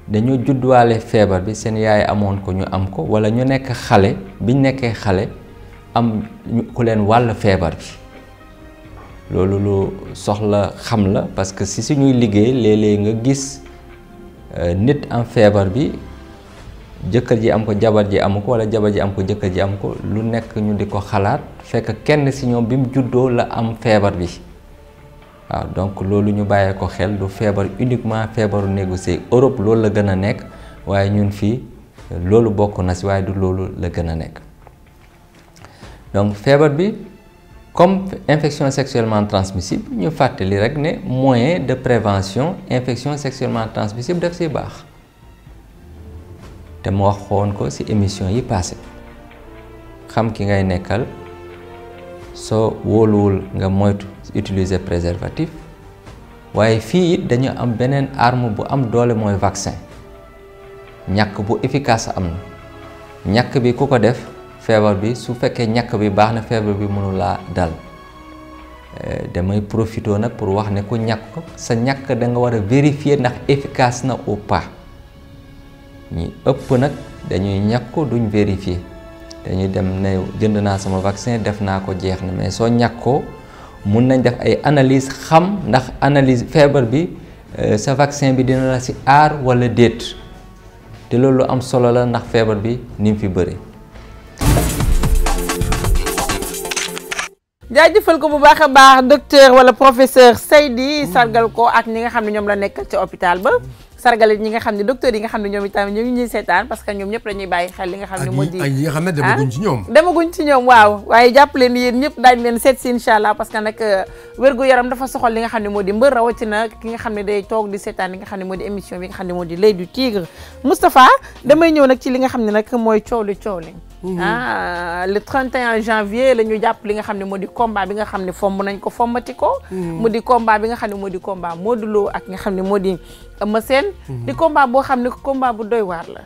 dañoo judduwaale feebar bi seen yaay amoon ko ñu am ko wala ñu nekk xale biñ nekkee xale am ku leen wàll feebar bi loolu lu soxla xam la parce que si suñuy liggéey léeg lée nga gis euh, nit am feebar bi jëkkër ji am ko jabar ji amu ko wala jabar ji am ko jëkkër ji am ko lu nekk ñu di ko xalaat fekk kenn si ñoom bi mu juddoo la am feebar bi waaw donc loolu ñu bàyyee ko xel du feebar uniquement feebaru négocier Europe loolu la gën a nekk waaye ñun fii loolu bokk na si waaye du loolu la gën a nekk donc feebar bi comme infection sexuellement transmissible ñu fàttali rek ne moyen de prévention infection sexuellement transmissible def si baax. te mu waxoon ko ci émission yi passé xam ki ngay nekkal soo wóoluwul nga moytu utiliser préservatif waaye fii it dañu am beneen arme bu am doole mooy vaccin ñàkk bu efficace am na ñàkk bi ku ko def feebar bi su fekkee ñàkk bi baax na feebar bi mënu laa dal eh, damay profité nag pour wax ne ku ñàkk sa ñàkk da nga war a vérifier ndax efficace na ou pas ñi ëpp nag dañuy ñàkku duñ vérifier dañuy dem ne jënd naa sama vaccin def naa ko jeex na mais soo ñàkkoo mun nañ def ay analyse xam ndax analyse feebar bi euh, sa vaccin bi dina la si aar walla déet te loolu am solo la ndax feebar bi ni mu fi bëre jaajëfal ko bu baax a baax docteur wala professeur Seydi sargal ko ak ñi nga xam ne ñoom la nekkal ci hôpital ba sargal ñi nga xam ne docteur yi nga xam ne ñoom itam ñu ngi ñuy seetaan parce que ñoom ñëpp dañuy bàyyi xel li nga xam ne moo di ak yi nga xam ne demaguñ ci ñoom waaw waaye jàpp leen yéen ñëpp daañ leen seet si incha allah parce que nag wér-gu-yaram dafa soxal li nga xam ne moo di mbër rawatina ki nga xam ne day toog di seetaan li nga xam ne moo di émission bi nga xam ne moo di l'Oeil du Tigre Moustapha ñëw nag ci li nga xam ne nag mooy coow li coow Mhm. ah le 31 janvier la ñu jàpp li nga xam ne moo di combat bi nga xam ne fomb nañ ko fombati ko. Mhm. mu di combat bi nga xam ne moo di combat Modou Lo ak nga xam ne moo di Eumeu Sène. Mhm. di combat boo xam ne combat bu doy waar la.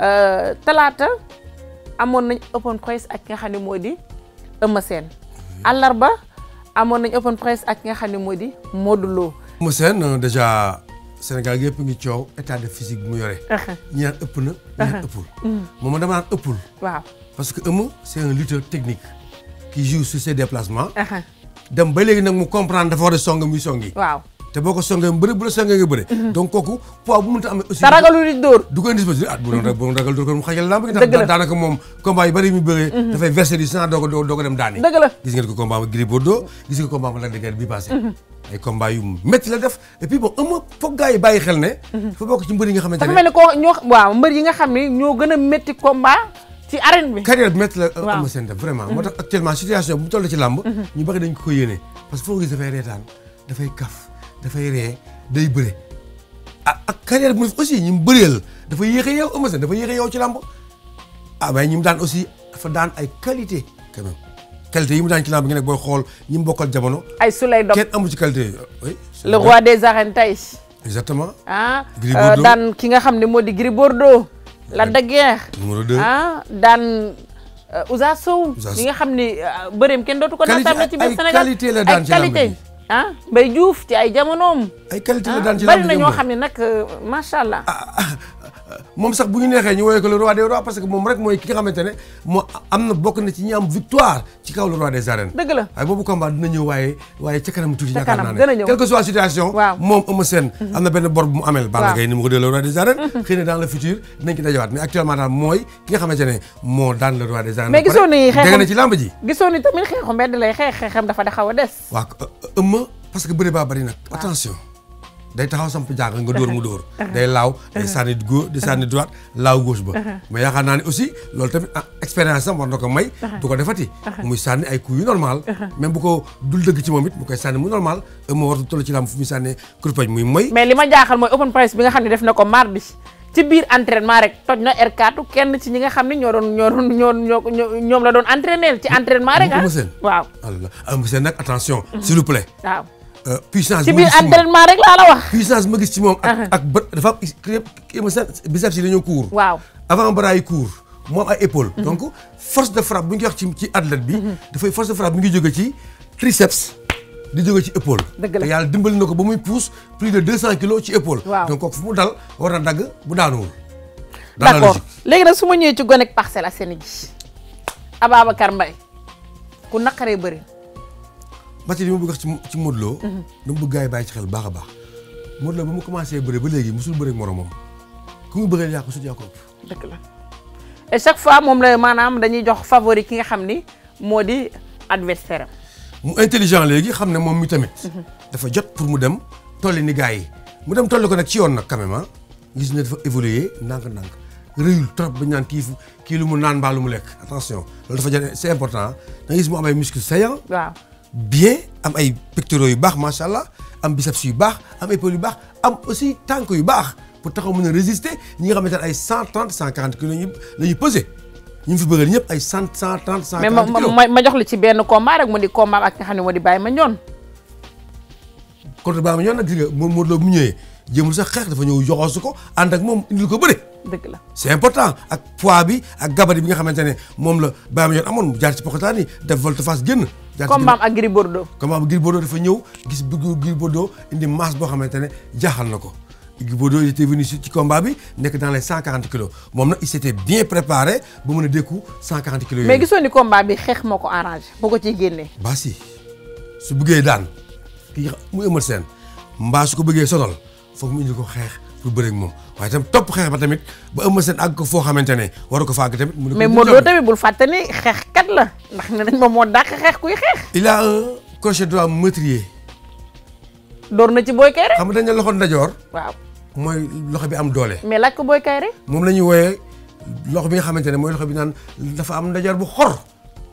Euh, talaata amoon nañ open press ak nga xam ne moo di Eumeu Sène. àllarba amoon nañ open press ak nga xam ne moo di Modou Lo. Euh, déjà. Sénégal yëpp ngi coow état de physique bi mu yore. ñi naan ëpp na ñi naan ëppul. Mm. moom dama naan ëppul. parce que Eumeu c'est un technique. qui joue sur ses déplacements. dem ba léegi nag mu comprendre dafa war a song muy song te boo ko songee mu bu la songee nga bëri. Mhm. donc kooku poids bu mënut a amee. aussi te ragalu nit dóor. du ko indi si at ah, bu doon rek bu doon ragal dóor ko mu daanaka moom combat yu bëri yu mhm. dafay verser du sang doo ko doo ko dem daani. dëgg la gis ngeen ko combat ma Gris gis nga combat bi passé mhm. ay combat yu métti la def et puis bon ëmb foog gars yi bàyyi xel ne. dafa bokk ci mbër yi nga xamante ne dafa mel ni koo ñoo waaw mbër yi nga xam ne ñoo gën a métti combat ci arène bi. carrière bi métti la am seen vraiment. Mhm. moo tax actuellement situation bu mu toll ci làmb. Mhm. ñu bari dañ ko ko yéene parce que foo gis dafay reetaan dafay kaf dafay ree day bëre. a ah, ak carrière bi mu def aussi ñi mu bëreel dafa yéex a yow am seen a yow ci làmb ah mais ñi mu daan aussi dafa daan ay qualité quand qualité yi daan ci lamb bi ngi nekk booy xool ñi mu bokkal jamono. ay su lay dog kenn amu ci qualité le roi des arènes tey. exactement. ah euh, daan ki nga xam ne moo di Gris Bordeaux. la de guerre. numéro 2 ah daan. Euh, Ousa Sow mi nga xam ne euh, bëreem kenn dootu ko naataale ci biir Sénégal ay qualité la daan ci lamb bi ah Mbaye ci ay jamonoom. ay qualité la ah, bari na ñoo xam ne nag macha allah. Ah, ah, moom sax bu ñu neexee ñu woowee ko le roi des rois parce que moom rek mooy ki nga xamante ne moo am na bokk na ci ñi am victoire ci kaw le roi des arènes. dëgg la waaye boobu combat dina ñëw waaye ca kanam tuuti. ca kanam gën a ñëw quelle que soit situation. moom Eumeu Sène. Mhm. am na benn bor mu amel. waaw Balla Gaye mu ko dee le roi des arènes. Mhm. xëy na dans le futur dinañ dajawaat mais actuellement daal mooy ki nga xamante ne moo daan le roi des arènes. mais gisoon day taxaw samp jànk nga dóor mu dóor uh-huh. day laaw uh-huh. day sànni gauche di uh-huh. sànni droite laaw gauche ba mais yaakaar naa ne aussi loolu tamit ah, expérience am war na ko may du ko defati muy sànni ay coups yu normal même bu ko dul dëgg ci moom it koy sànni mu normal moo wartu toll ci lam fu muy sànni kurpañ muy moy mais li ma jaaxal mooy open press bi nga xam ne def na ko mardi ci biir entraînement rek toj na R4 kenn ci ñi nga xam ne ñoo doon ñoo ñoo ñoo ñoom la doon entraîner ci entraînement rek ah. waaw. allah nag attention. si vous plaît. Euh, puissance ci biir entraînement rek laa la wax. ma gis ci moom. ak uh-huh. ak ba dafa am biceps yi dañoo court. waaw avant bras yi moom ay épaule. Uh-huh. donc force de frappe bu ñu koy wax ci ci bi. Uh-huh. dafay force de frappe bu ngi jóge ci triceps. di jóge ci épaule. dëgg la yàlla dimbali na ko ba muy pousse plus de 200 kilos ci épaule. waaw donc fu mu dal war na dagg bu daanuwul. dans la logique léegi nag su ma ñëwee ci gone ak Parcelles Assainies ji Ababacar Mbaye ku naqaree bëri. Mathieu li ma bëgg wax ci ci Modou Lo. dama mhm. bëgg yi bàyyi ci xel baax a baax. Modou Lo ba mu commencé bëre ba léegi musul bëre ak moom ku mu bëree yaa ko sut yaa ko ëpp. dëgg la et chaque fois moom la maanaam dañuy jox favori ki nga xam ni moo di adversaire am. mu intelligent léegi xam ne moom mi tamit. Mhm. dafa jot pour mu dem tolli ni gars yi mu dem tolli ko nag ci yoon nag quand même ah. gis ne dafa évoluer nank ndànk rëyul trop ba ñu naan kii kii lu mu naan mbaa lu mu lekk attention loolu dafa jot c'est important ah. da mu am ay muscles bien am ay pectoraux yu baax macha allah am biceps yu baax am ay épaule yu baax am aussi tànk yu baax pour taxaw mu ne résister ñi nga xamante ne ay cent trente cent quarante kilos la ñuy la ñuy pesé fi bëgg ñëpp ay cent cent trente cent quarante jox la ci benn combat rek mu di combat ak nga xam ne moo di Baye Mandione. contre Baye Mandione nag gis nga moom Modou Lo bu ñëwee jéemul sax xeex dafa ñëw joxoosu ko ànd ak moom indil ko bëre. dëgg la c'est important ak poids bi ak gabarit bi nga xamante ne moom la Baye Mandione amoon mu jaar ci poxotaan yi def volte face génn. combat am ak Gris Bordeaux combat am ak Gris Bordeaux dafa ñëw gis bëgg Gris Bordeaux indi masse boo xamante ne jaxal na ko Gris it était venu ci combat bi nekk dans les cent quarante kilos moom na il s'était bien préparé bu mën a dékku cent quarante kilos yooyu mais gisoon ni combat bi xeex moo ko arrangé boo ko ciy génnee ba si su buggee daan kii mu ëmal seen mbaa su ko bëggee sonal foog mu indi ko xeex pour bëreeg moom waaye tam topp xeex ba tamit ba Eumeu seen àgg ko foo xamante ne a ko faag tamit. mu ne ko mais Modou Lo tamit bul fàtte ni xeexkat la ndax ne nañ moom moo dàq xeex kuy xeex. il a un crochet droit meurtrier. door na ci Boy Kaïré. xam dañ ne loxo ndajoor. waaw mooy loxo bi am doole. mais laaj ko Boy Kaïré. moom la ñuy wooyee loxo bi nga xamante ne mooy loxo bi naan dafa am ndajoor bu xor.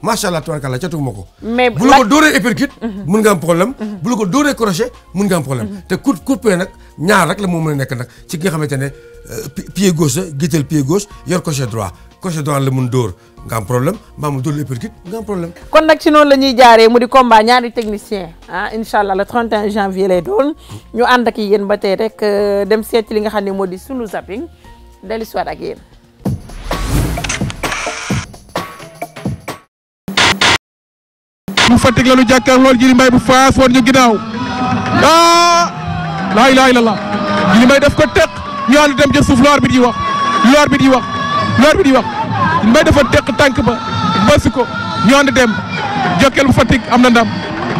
macha allah tubarkalla catuma ko. mais bu la ko dóoree épercute. Mhm. mun nga am problème. bu la ko dóoree crochet mun nga am problème. Mhm. te coup coupé nag ñaar rek la moo mën a nekk nag ci ki nga xamante ne euh, pied gauche gittal pied gauche yor crochet droit crochet droit la mun dóor nga am problème mbaa mu dóor la épercute nga am problème. kon nag si noonu la ñuy jaaree mu di combat ñaari technicien ah incha allah le 31 janvier lay doon ñu ànd ak yéen ba tey rek euh, dem seeti li nga xam ne moo di sunu zapping dellu si waat ak bu Fatick la nu jàkkaar lool Djily Mbaye bu faas woon ñu ginnaaw ah laa ilaaha illallaah Djily Mbaye daf ko teq ñu ànd dem ca suuf lu arbitre yi wax lu arbitre yi wax lu arbitre yi wax Djily dafa teq tànk ba bës ko ñu ànd dem Jokkel bu Fatick am na ndam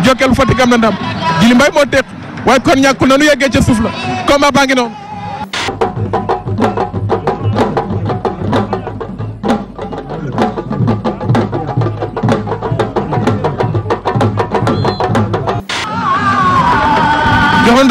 Jokkel bu Fatick am na ndam Djily Mbaye moo teq waaye kon ñàkkul na nu yeggee ca suuf la combat baa ngi noonu.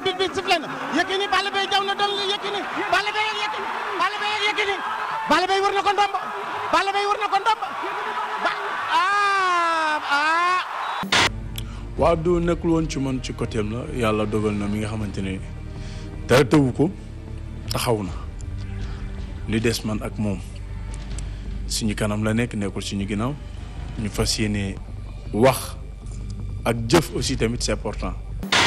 arbitre bi sifflé na Yékini Balla Gaye jaw na doon Yékini Balla Gaye ak Yékini Balla Gaye ak Yékini Balla Gaye war na na ko ndomb ba ah ah. waaw nekkul woon ci man ci côté la yàlla dogal na mi nga xamante ne dara tëwu ko taxaw na li des man ak moom suñu kanam la nekk nekkul suñu ginnaaw ñu fas yéene wax ak jëf aussi tamit c'est important.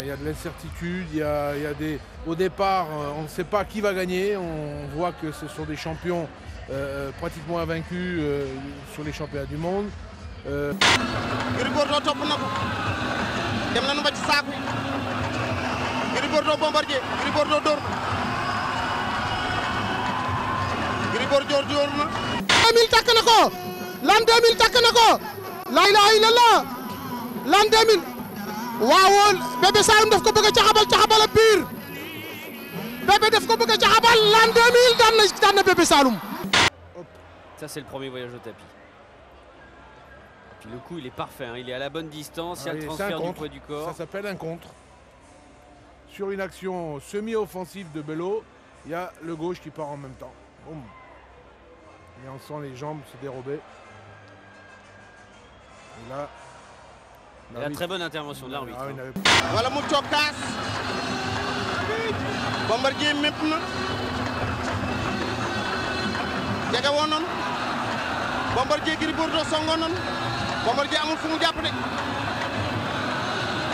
Il y a de l'incertitude, il, y a, il y a des... Au départ, euh, on ne sait pas qui va gagner. On voit que ce sont des champions euh, euh pratiquement invaincus euh, sur les championnats du monde. Euh... Lamine takk na ko L'an 2000 takk na ko la ilaha illallah L'an 2000 waawoon bébé Saloum daf ko bëgg a caxabal caxabal ak biir bébé daf ko bëgg a caxabal l'an 2000 daan na daan na bébé Saloum. Ça c'est le premier voyage au tapis. Puis le coup il est parfait, hein. il est à la bonne distance, ah, il y a le transfert du poids du corps. Ça s'appelle un contre. Sur une action semi-offensive de Bello, il y a le gauche qui part en même temps. Boum. Et on sent les jambes se dérober. Et là, La très bonne intervention de l'arbitre. wala ah mu cokkaas Bombardier mépp na jege woon noonu Bombardier Gris Bordeaux songoon noonu Bombardier amul fu mu jàpp de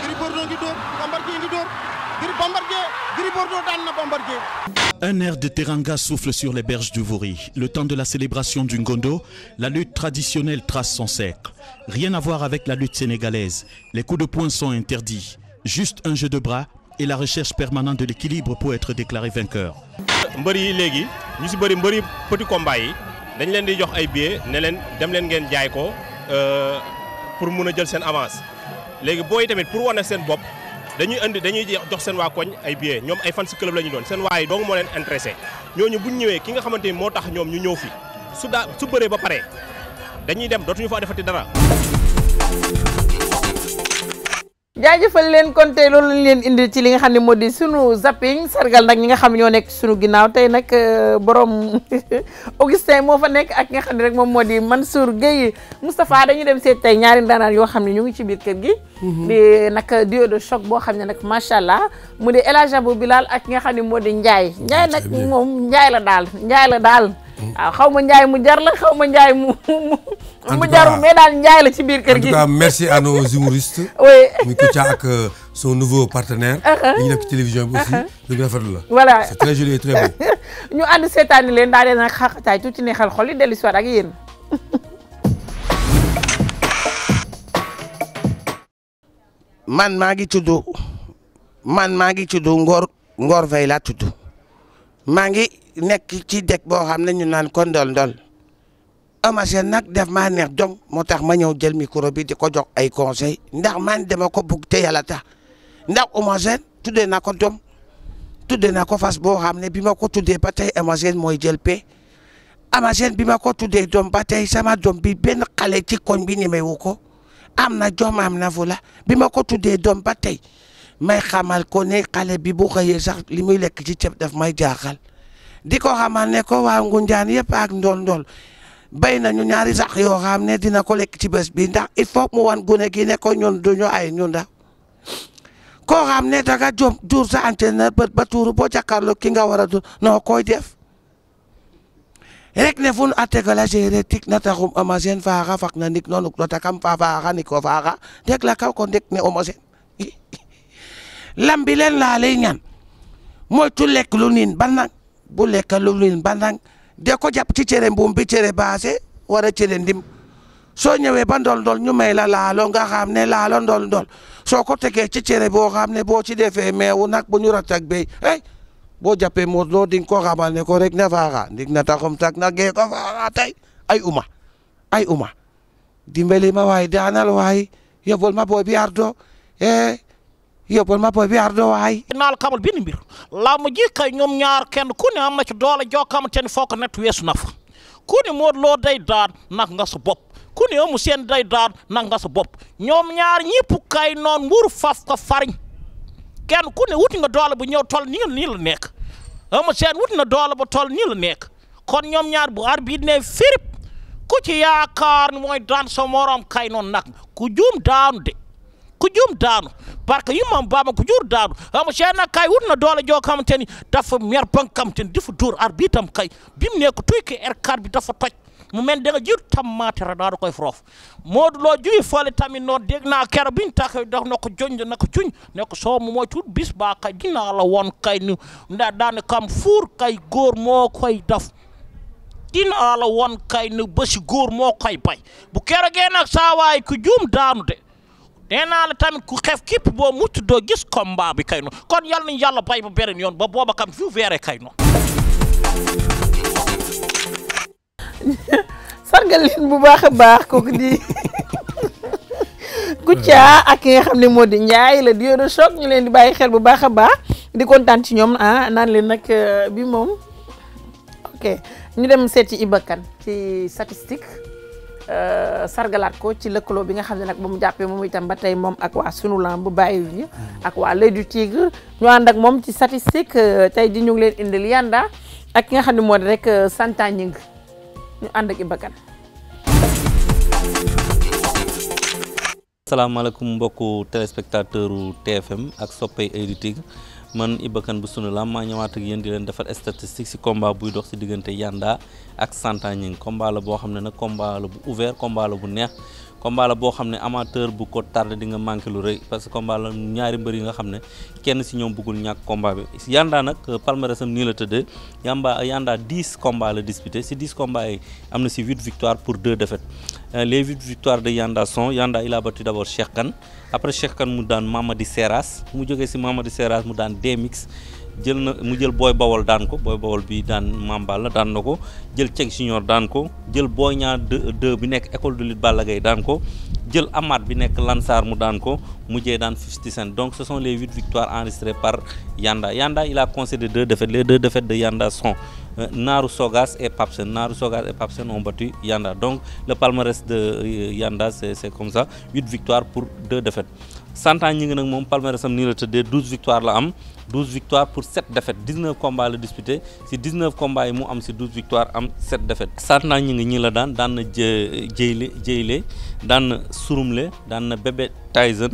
Gris Bordeaux ngi dóor Bombardier ngi dóor Gris Bombardier Gris Bordeaux daan na Bombardier. Un air de teranga souffle sur les berges du Vouri. Le temps de la célébration du Ngondo, la lutte traditionnelle trace son cercle. Rien à voir avec la lutte sénégalaise. Les coups de poing sont interdits. Juste un jeu de bras et la recherche permanente de l'équilibre pour être déclaré vainqueur. mbër yi léegi ñu si bëri mbër yi petit combat yi dañ leen di jox ay billets ne leen dem leen ngeen jaay ko euh, pour mun a jël seen avance léegi booy tamit pour wane seen bopp. dañuy indi dañuy jox seen waa koñ ay billets ñoom ay fans club la ñu doon seen waa yi dong moo leen intéressé ñooñu bu ñëwee ki nga xamante ni moo tax ñoom ñu ñëw fi su daa su bëree ba pare dañuy dem dootuñu fa defati dara. jaajëfal leen kon tey loolu lañ leen indil ci li nga xam ne moo di sunu zapping sargal nag ñi nga xam ñoo nekk sunu ginnaaw tey nag euh, borom [laughs] Augustin moo fa nekk ak nga xam ne rek moom moo di Mansour Gueye Moustapha dañu dem seet tey ñaari ndaanaan yoo xam ne ñu ngi ci biir kër gi. Mhm. di nag duo de choc boo xam ne nag macha allah mu di El Hadj Abou Bilal ak nga xam ne moo di Ndiaye Ndiaye moom Ndiaye la daal Ndiaye la daal. waaw xaw ma njaay mu jar la xaw ma njaay mu mu jarul daal njaay la ci biir kër gi en tout cas merci à nos humoristes [laughs] oui muy ak euh, son nouveau partenaire li uh-huh. ñu télévision bi aussi uh-huh. lu [laughs] ñu ànd seetaani leen daa deen nag xaqataay tuuti neexal xol yi dellu si waat ak yéen man maa ngi tudd maa ngi tudd Ngor Ngor Faye laa maa ngi nekk ci dëkk boo xam ne ñu naan ko ndol-ndol Eumeu Sène nag def maa neex jom moo tax ma ñëw jël micro bi di ko jox ay conseil ndax man dama ko bugg te yàlla tax ndax Eumeu Sène tuddee na ko jom tuddee na ko fas boo xam ne bi ma ko tuddee ba tey Eumeu Sène mooy jël pe Eumeu Sène bi ma ko tuddee doom ba tey sama doom bi benn xale ci koñ bi ñemewu ko am na jom am na fu bi ma ko tuddee dom ba tey may xamal ko ne xale bi bu xëyee sax li muy lekk ci ceeb daf may jaaxal di ko ne ko waa Ngunjaan yëpp ak ndol ndol béy nañu ñaari sax yoo xam ne dina ko lekk ci bés bi ndax il faut mu wan gune gi ne ko ñun duñu ay ñu ndax koo xam ne danga jom jur sa entraîneur ba tuuru boo jàkkaarloo ki nga war a dul koy def rek ne fun a tegala géré tik na taxum homogène faaxa fak na ndik noonu no takam fa faaxa niko faaxa deg la kaw ko ndek ne homogène lam bi leen laa lay ñaan moytu lekk lu niin bandang bu lekk lu niin bandang de ko jàpp ci cere mbuum bi cere baase wara cere ndim soo ñëwee ba ndol ndol ñu may la laalo nga xam ne laalo ndol ndol soo ko tegee ci cere boo xam ne boo ci defee meewu nag bu ñu ratak bey hey boo jàppee moo doo ding ko xamal ne ko rek na faaxa ndig na taxom tak na gee ko faaxa tay ay uma ay uma dimbali ma waay daanal waay yóbbul ma booy bi ardo eh! yóbbal ma booy bi ar doo waay naa la xamal benn mbir laa ñoom ñaar kenn ku ne am na ci doole joo xamante ni foo ko weesu na fa moo loo Modou Lo day daan nag nga sa bopp ku ne Eumeu day daan nag nga sa bopp ñoom ñaar ñëpp kay noon faf ko fariñ kenn ku ne nga doole bu ñëw toll nii nii la nekk Eumeu Sène na doole ba toll nii la nekk kon ñoom ñaar bu ar bii ne firip ku ci yaakaar ni mooy daan sa morom kay noonu nag ku juum daanu de ku jum daanu barka yimmam bama ko jur daanu omo ceerna kay wurno doole joo kam tani dafa mer banque kam tani difa dur arbitam kay bimne ko tuyke er karbi dafa toj mumen daga jiru tammate raɗaɗo koye frof modulo joyi fole tamin noon degna kero bin taka dak noko joñde nako cuñ neko somomo tut bisba kay gina ala won kay ni daɗane kam fuur kay goor mo koye daf ɗin ala won kay no basi goor mo koye bay bo kero guenak sawawi ko juum danude nee naa la tamit ku xef képp boo mucc doo gis combat bi kay no kon yal nañu yàlla bay ba beneen yoon ba booba kam fu weere kay no [laughs] sargal bu baax a baax kooku di [laughs] Kouthia ak ki nga xam ne moo di njaay la dio de choc ñu leen di bàyyi xel bu baax a baax di kontaan ci ñoom ah naan leen nag euh, bi moom ok ñu dem seet ci Ibakan ci statistique Euh, sargalaat ko ci lëkkaloo bi nga xam ne nag ba mu jàppee moom itam ba tey moom ak waa sunu lamb bàyyiwuñu mm-hmm. ak waa l'Oeil du ñu ànd ak moom ci statistique euh, tey di ñu ngi leen indil Yanda ak ki nga xam ne moo di rek euh, Santa Ñing ñu ànd ak Ibakan asalaamaaleykum mbokku téléspectateur TFM ak soppay L'Oeil man Iba bu sunu lam maa ñëwaat ak yéen di leen defal statistique ci combat buy dox ci diggante Yanda ak Santa Gning combat boo xam ne nag combat bu ouvert combat bu neex combat boo xam ne amateur bu ko tardé di nga manqué lu rëy parce que combat ñaari mbër yi nga xam ne kenn si ñoom bëggul ñàkk combat bi Yanda nag euh, palmarèsam nii la tëddee Yamba euh, Yanda 10 combats la disputé si 10 combats am na si 8 victoires pour 2 défaites euh, les 8 victoires de Yanda sont Yanda il a battu d'abord Cheikh Kane après Cheikh Kane mu daan Mamadi Seras mu jógee si Mamadi Seras mu daan Demix jël na mu jël booy bawol daan ko booy bawol bi daan mambal la daan na ko jël Cheikh Junior daan ko jël Boy Niang 2 bi nekk école de lutte Balla Gaye jël amaat bi nekk Lansar mu daan ko mujjee daan 50 Cent donc ce sont les huit victoires enregistrées par Yanda Yanda il a concédé de défaites les deux défaites de Yanda sont euh, Naaru Sogas et Papsen Naaru Sogas et Papsen ont battu Yanda donc le palmarès de euh, Yanda c'est c'est comme ça huit victoires pour deux défaites santa ñi ngi nag moom palmarès am nii la tëddee douze victoires la am 12 victoires pour 7 défaites 19 combats la disputé si 19 combats yi mu am si 12 victoires am 7 défaites. saat naa ñu ngi ñi la daan daan na jë jëyle jëyle daan na surumle daan na bébé Tyson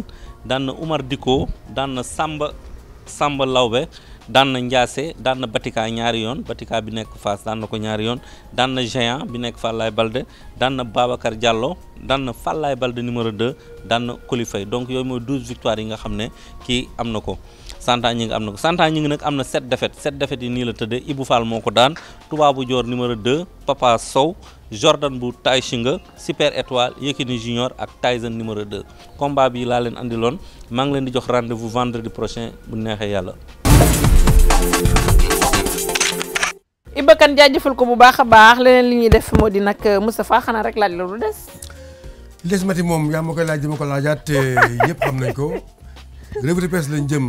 daan na Umar daan na Samba Samba Lawbe. daan na Ndiassé daan na Batika ñaari yoon Batika bi nekk Fass daan na ko ñaari yoon daan na Géant bi nekk Fallaye Balde daan na Babacar Diallo daan na Fallaye Balde numéro 2 daan na Kolifay donc yooyu mooy 12 victoires yi nga xam ne kii am na ko Santa ñi ngi am na ko Santa ñi ngi nag am na 7 defet 7 défaites yi nii la tëddee Ibou Fall moo ko daan Toubabou Dior numéro 2 Papa Sow Jordan bu Taïchinga Super Étoile Yekini Junior ak Tyson numéro 2 combat bi laa leen andiloon maa ngi leen di jox rendez-vous vendredi prochain bu neexee yàlla Iba Kane jaajëfal ko bu baax a baax leneen li ñuy def moo di nag euh, Moustapha xanaa rek laaj la lu des. li moom yaa ma koy laaj dama ko laajaat [laughs] yëpp xam nañ ko revue de presse lañ jëm.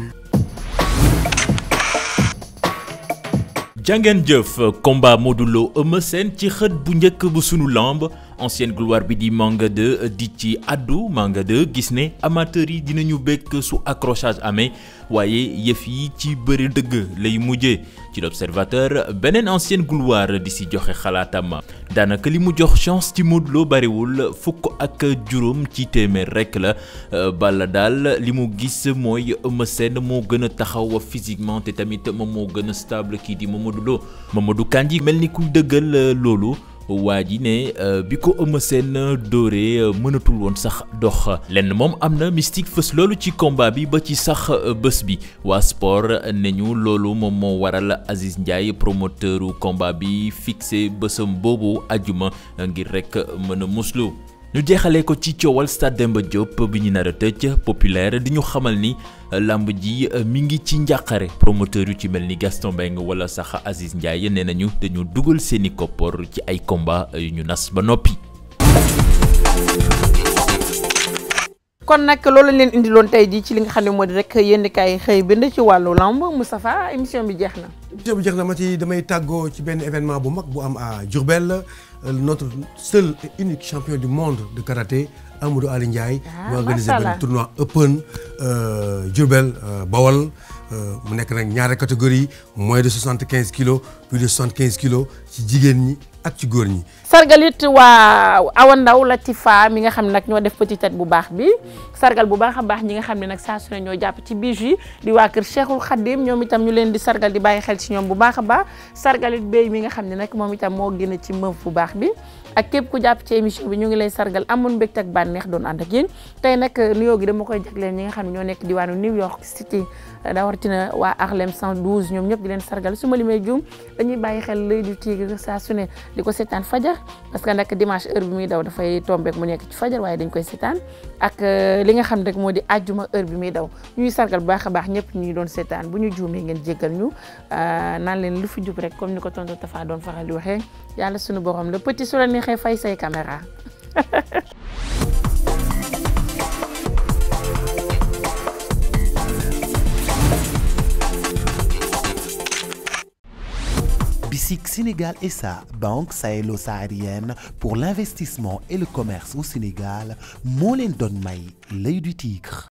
jàngeen jëf combat Modou Lo Eumeu ci xët bu njëkk bu sunu lamb ancienne gloire bi di Manga 2 di ci addu Manga 2 gis ne amateurs yi dinañu bekk su accrochage amee. waaye yëf yi ci bëri dëgg lay mujje ci l'observateur beneen ancienne gloire di si joxe xalaatam daanaka li mu jox chance ci mu Lo bariwul fukk ak juróom ci téeméer rek la euh, Balla daal li mu gis mooy Eumeu Sène moo gën a taxaw physiquement te tamit moom moo gën a stable kii di Mamadou du Mamadou Kandji mel ni ku dëggal euh, loolu waa ji ne euh, bi ko Eumeu Sène dóoree euh, mënatul woon sax dox lenn moom am na mystique fës loolu ci combat bi ba ci sax euh, bés bi waa sport ne ñu loolu moom moo waral Aziz Ndiaye promoteuru combat bi fixé bésam boobu ajuma ngir rek mën a muslu ñu jeexalee ko ci coowal stade Demba Diop bi ñu nar a tëj populaire di ñu xamal ni làmb ji euh, mi ngi ci njàqare promoteur yu ci mel ni Gaston Mbengue wala sax asis Ndiaye nee nañu dañu dugal seeni koppoor ci ay combat euh, yu ñu nas ba noppi. kon nag loolu lañ leen indiloon tey jii ci li nga xam ne moo di rek yéen kaay xëy bind ci wàllu lamb Moustapha émission bi jeex na. émission bi jeex na ma ci damay tàggoo ci benn événement bu mag bu am à Diourbel notre seul et unique champion du monde de karaté Amadou Ali Ndiaye. Ah, mu organisé benn tournoi open euh, Diourbel euh, Bawol. Euh, mu nekk nag ñaari catégorie moins de soixante quinze kilos plus de soixante quinze kilos ci jigéen ñi. ak ci góor ñi. sargal waa Awa Ndaw Latifa mi nga xam ne nag ñoo def petit tête bu baax bi sargal bu baax a baax ñi nga xam ne nag saa su ne ñoo jàpp ci bijoux yi di waa kër Cheikhul Khadim ñoom itam ñu leen di sargal di bàyyi xel ci ñoom bu baax a baax sargal it béy mi nga xam ne nag moom itam moo gën ci mëf bu baax bi. ak képp ku jàpp ci émission bi ñu ngi lay sargal amoon mbégte ak bànneex doon ànd ak yéen tey nag nuyoo gi dama koy jagleel ñi nga xam ne ñoo nekk diwaanu New York City. rawatina waa Harlem 112 ñoom ñëpp di leen sargal su ma limee juum dañuy bàyyi xel lay du tigre sa su ne di ko seetaan fajar parce que nag dimanche heure bi muy daw dafay tombeek mu nekk ci fajar waaye dañ koy seetaan ak euh, li nga xam rek moo di àjjuma heure bi muy daw ñuy sargal bu baax a baax ñëpp ñuy doon seetaan bu ñu juumee ngeen jéggal ñu euh, naan leen lu fi jub rek comme ni ko tonton Tafa doon faral di waxee yàlla sunu borom la petit su la neexee fay say caméra [laughs] SIC Sénégal SA, banque sahélo-saharienne pour l'investissement et le commerce au Sénégal moo leen doon may l'œil du tigre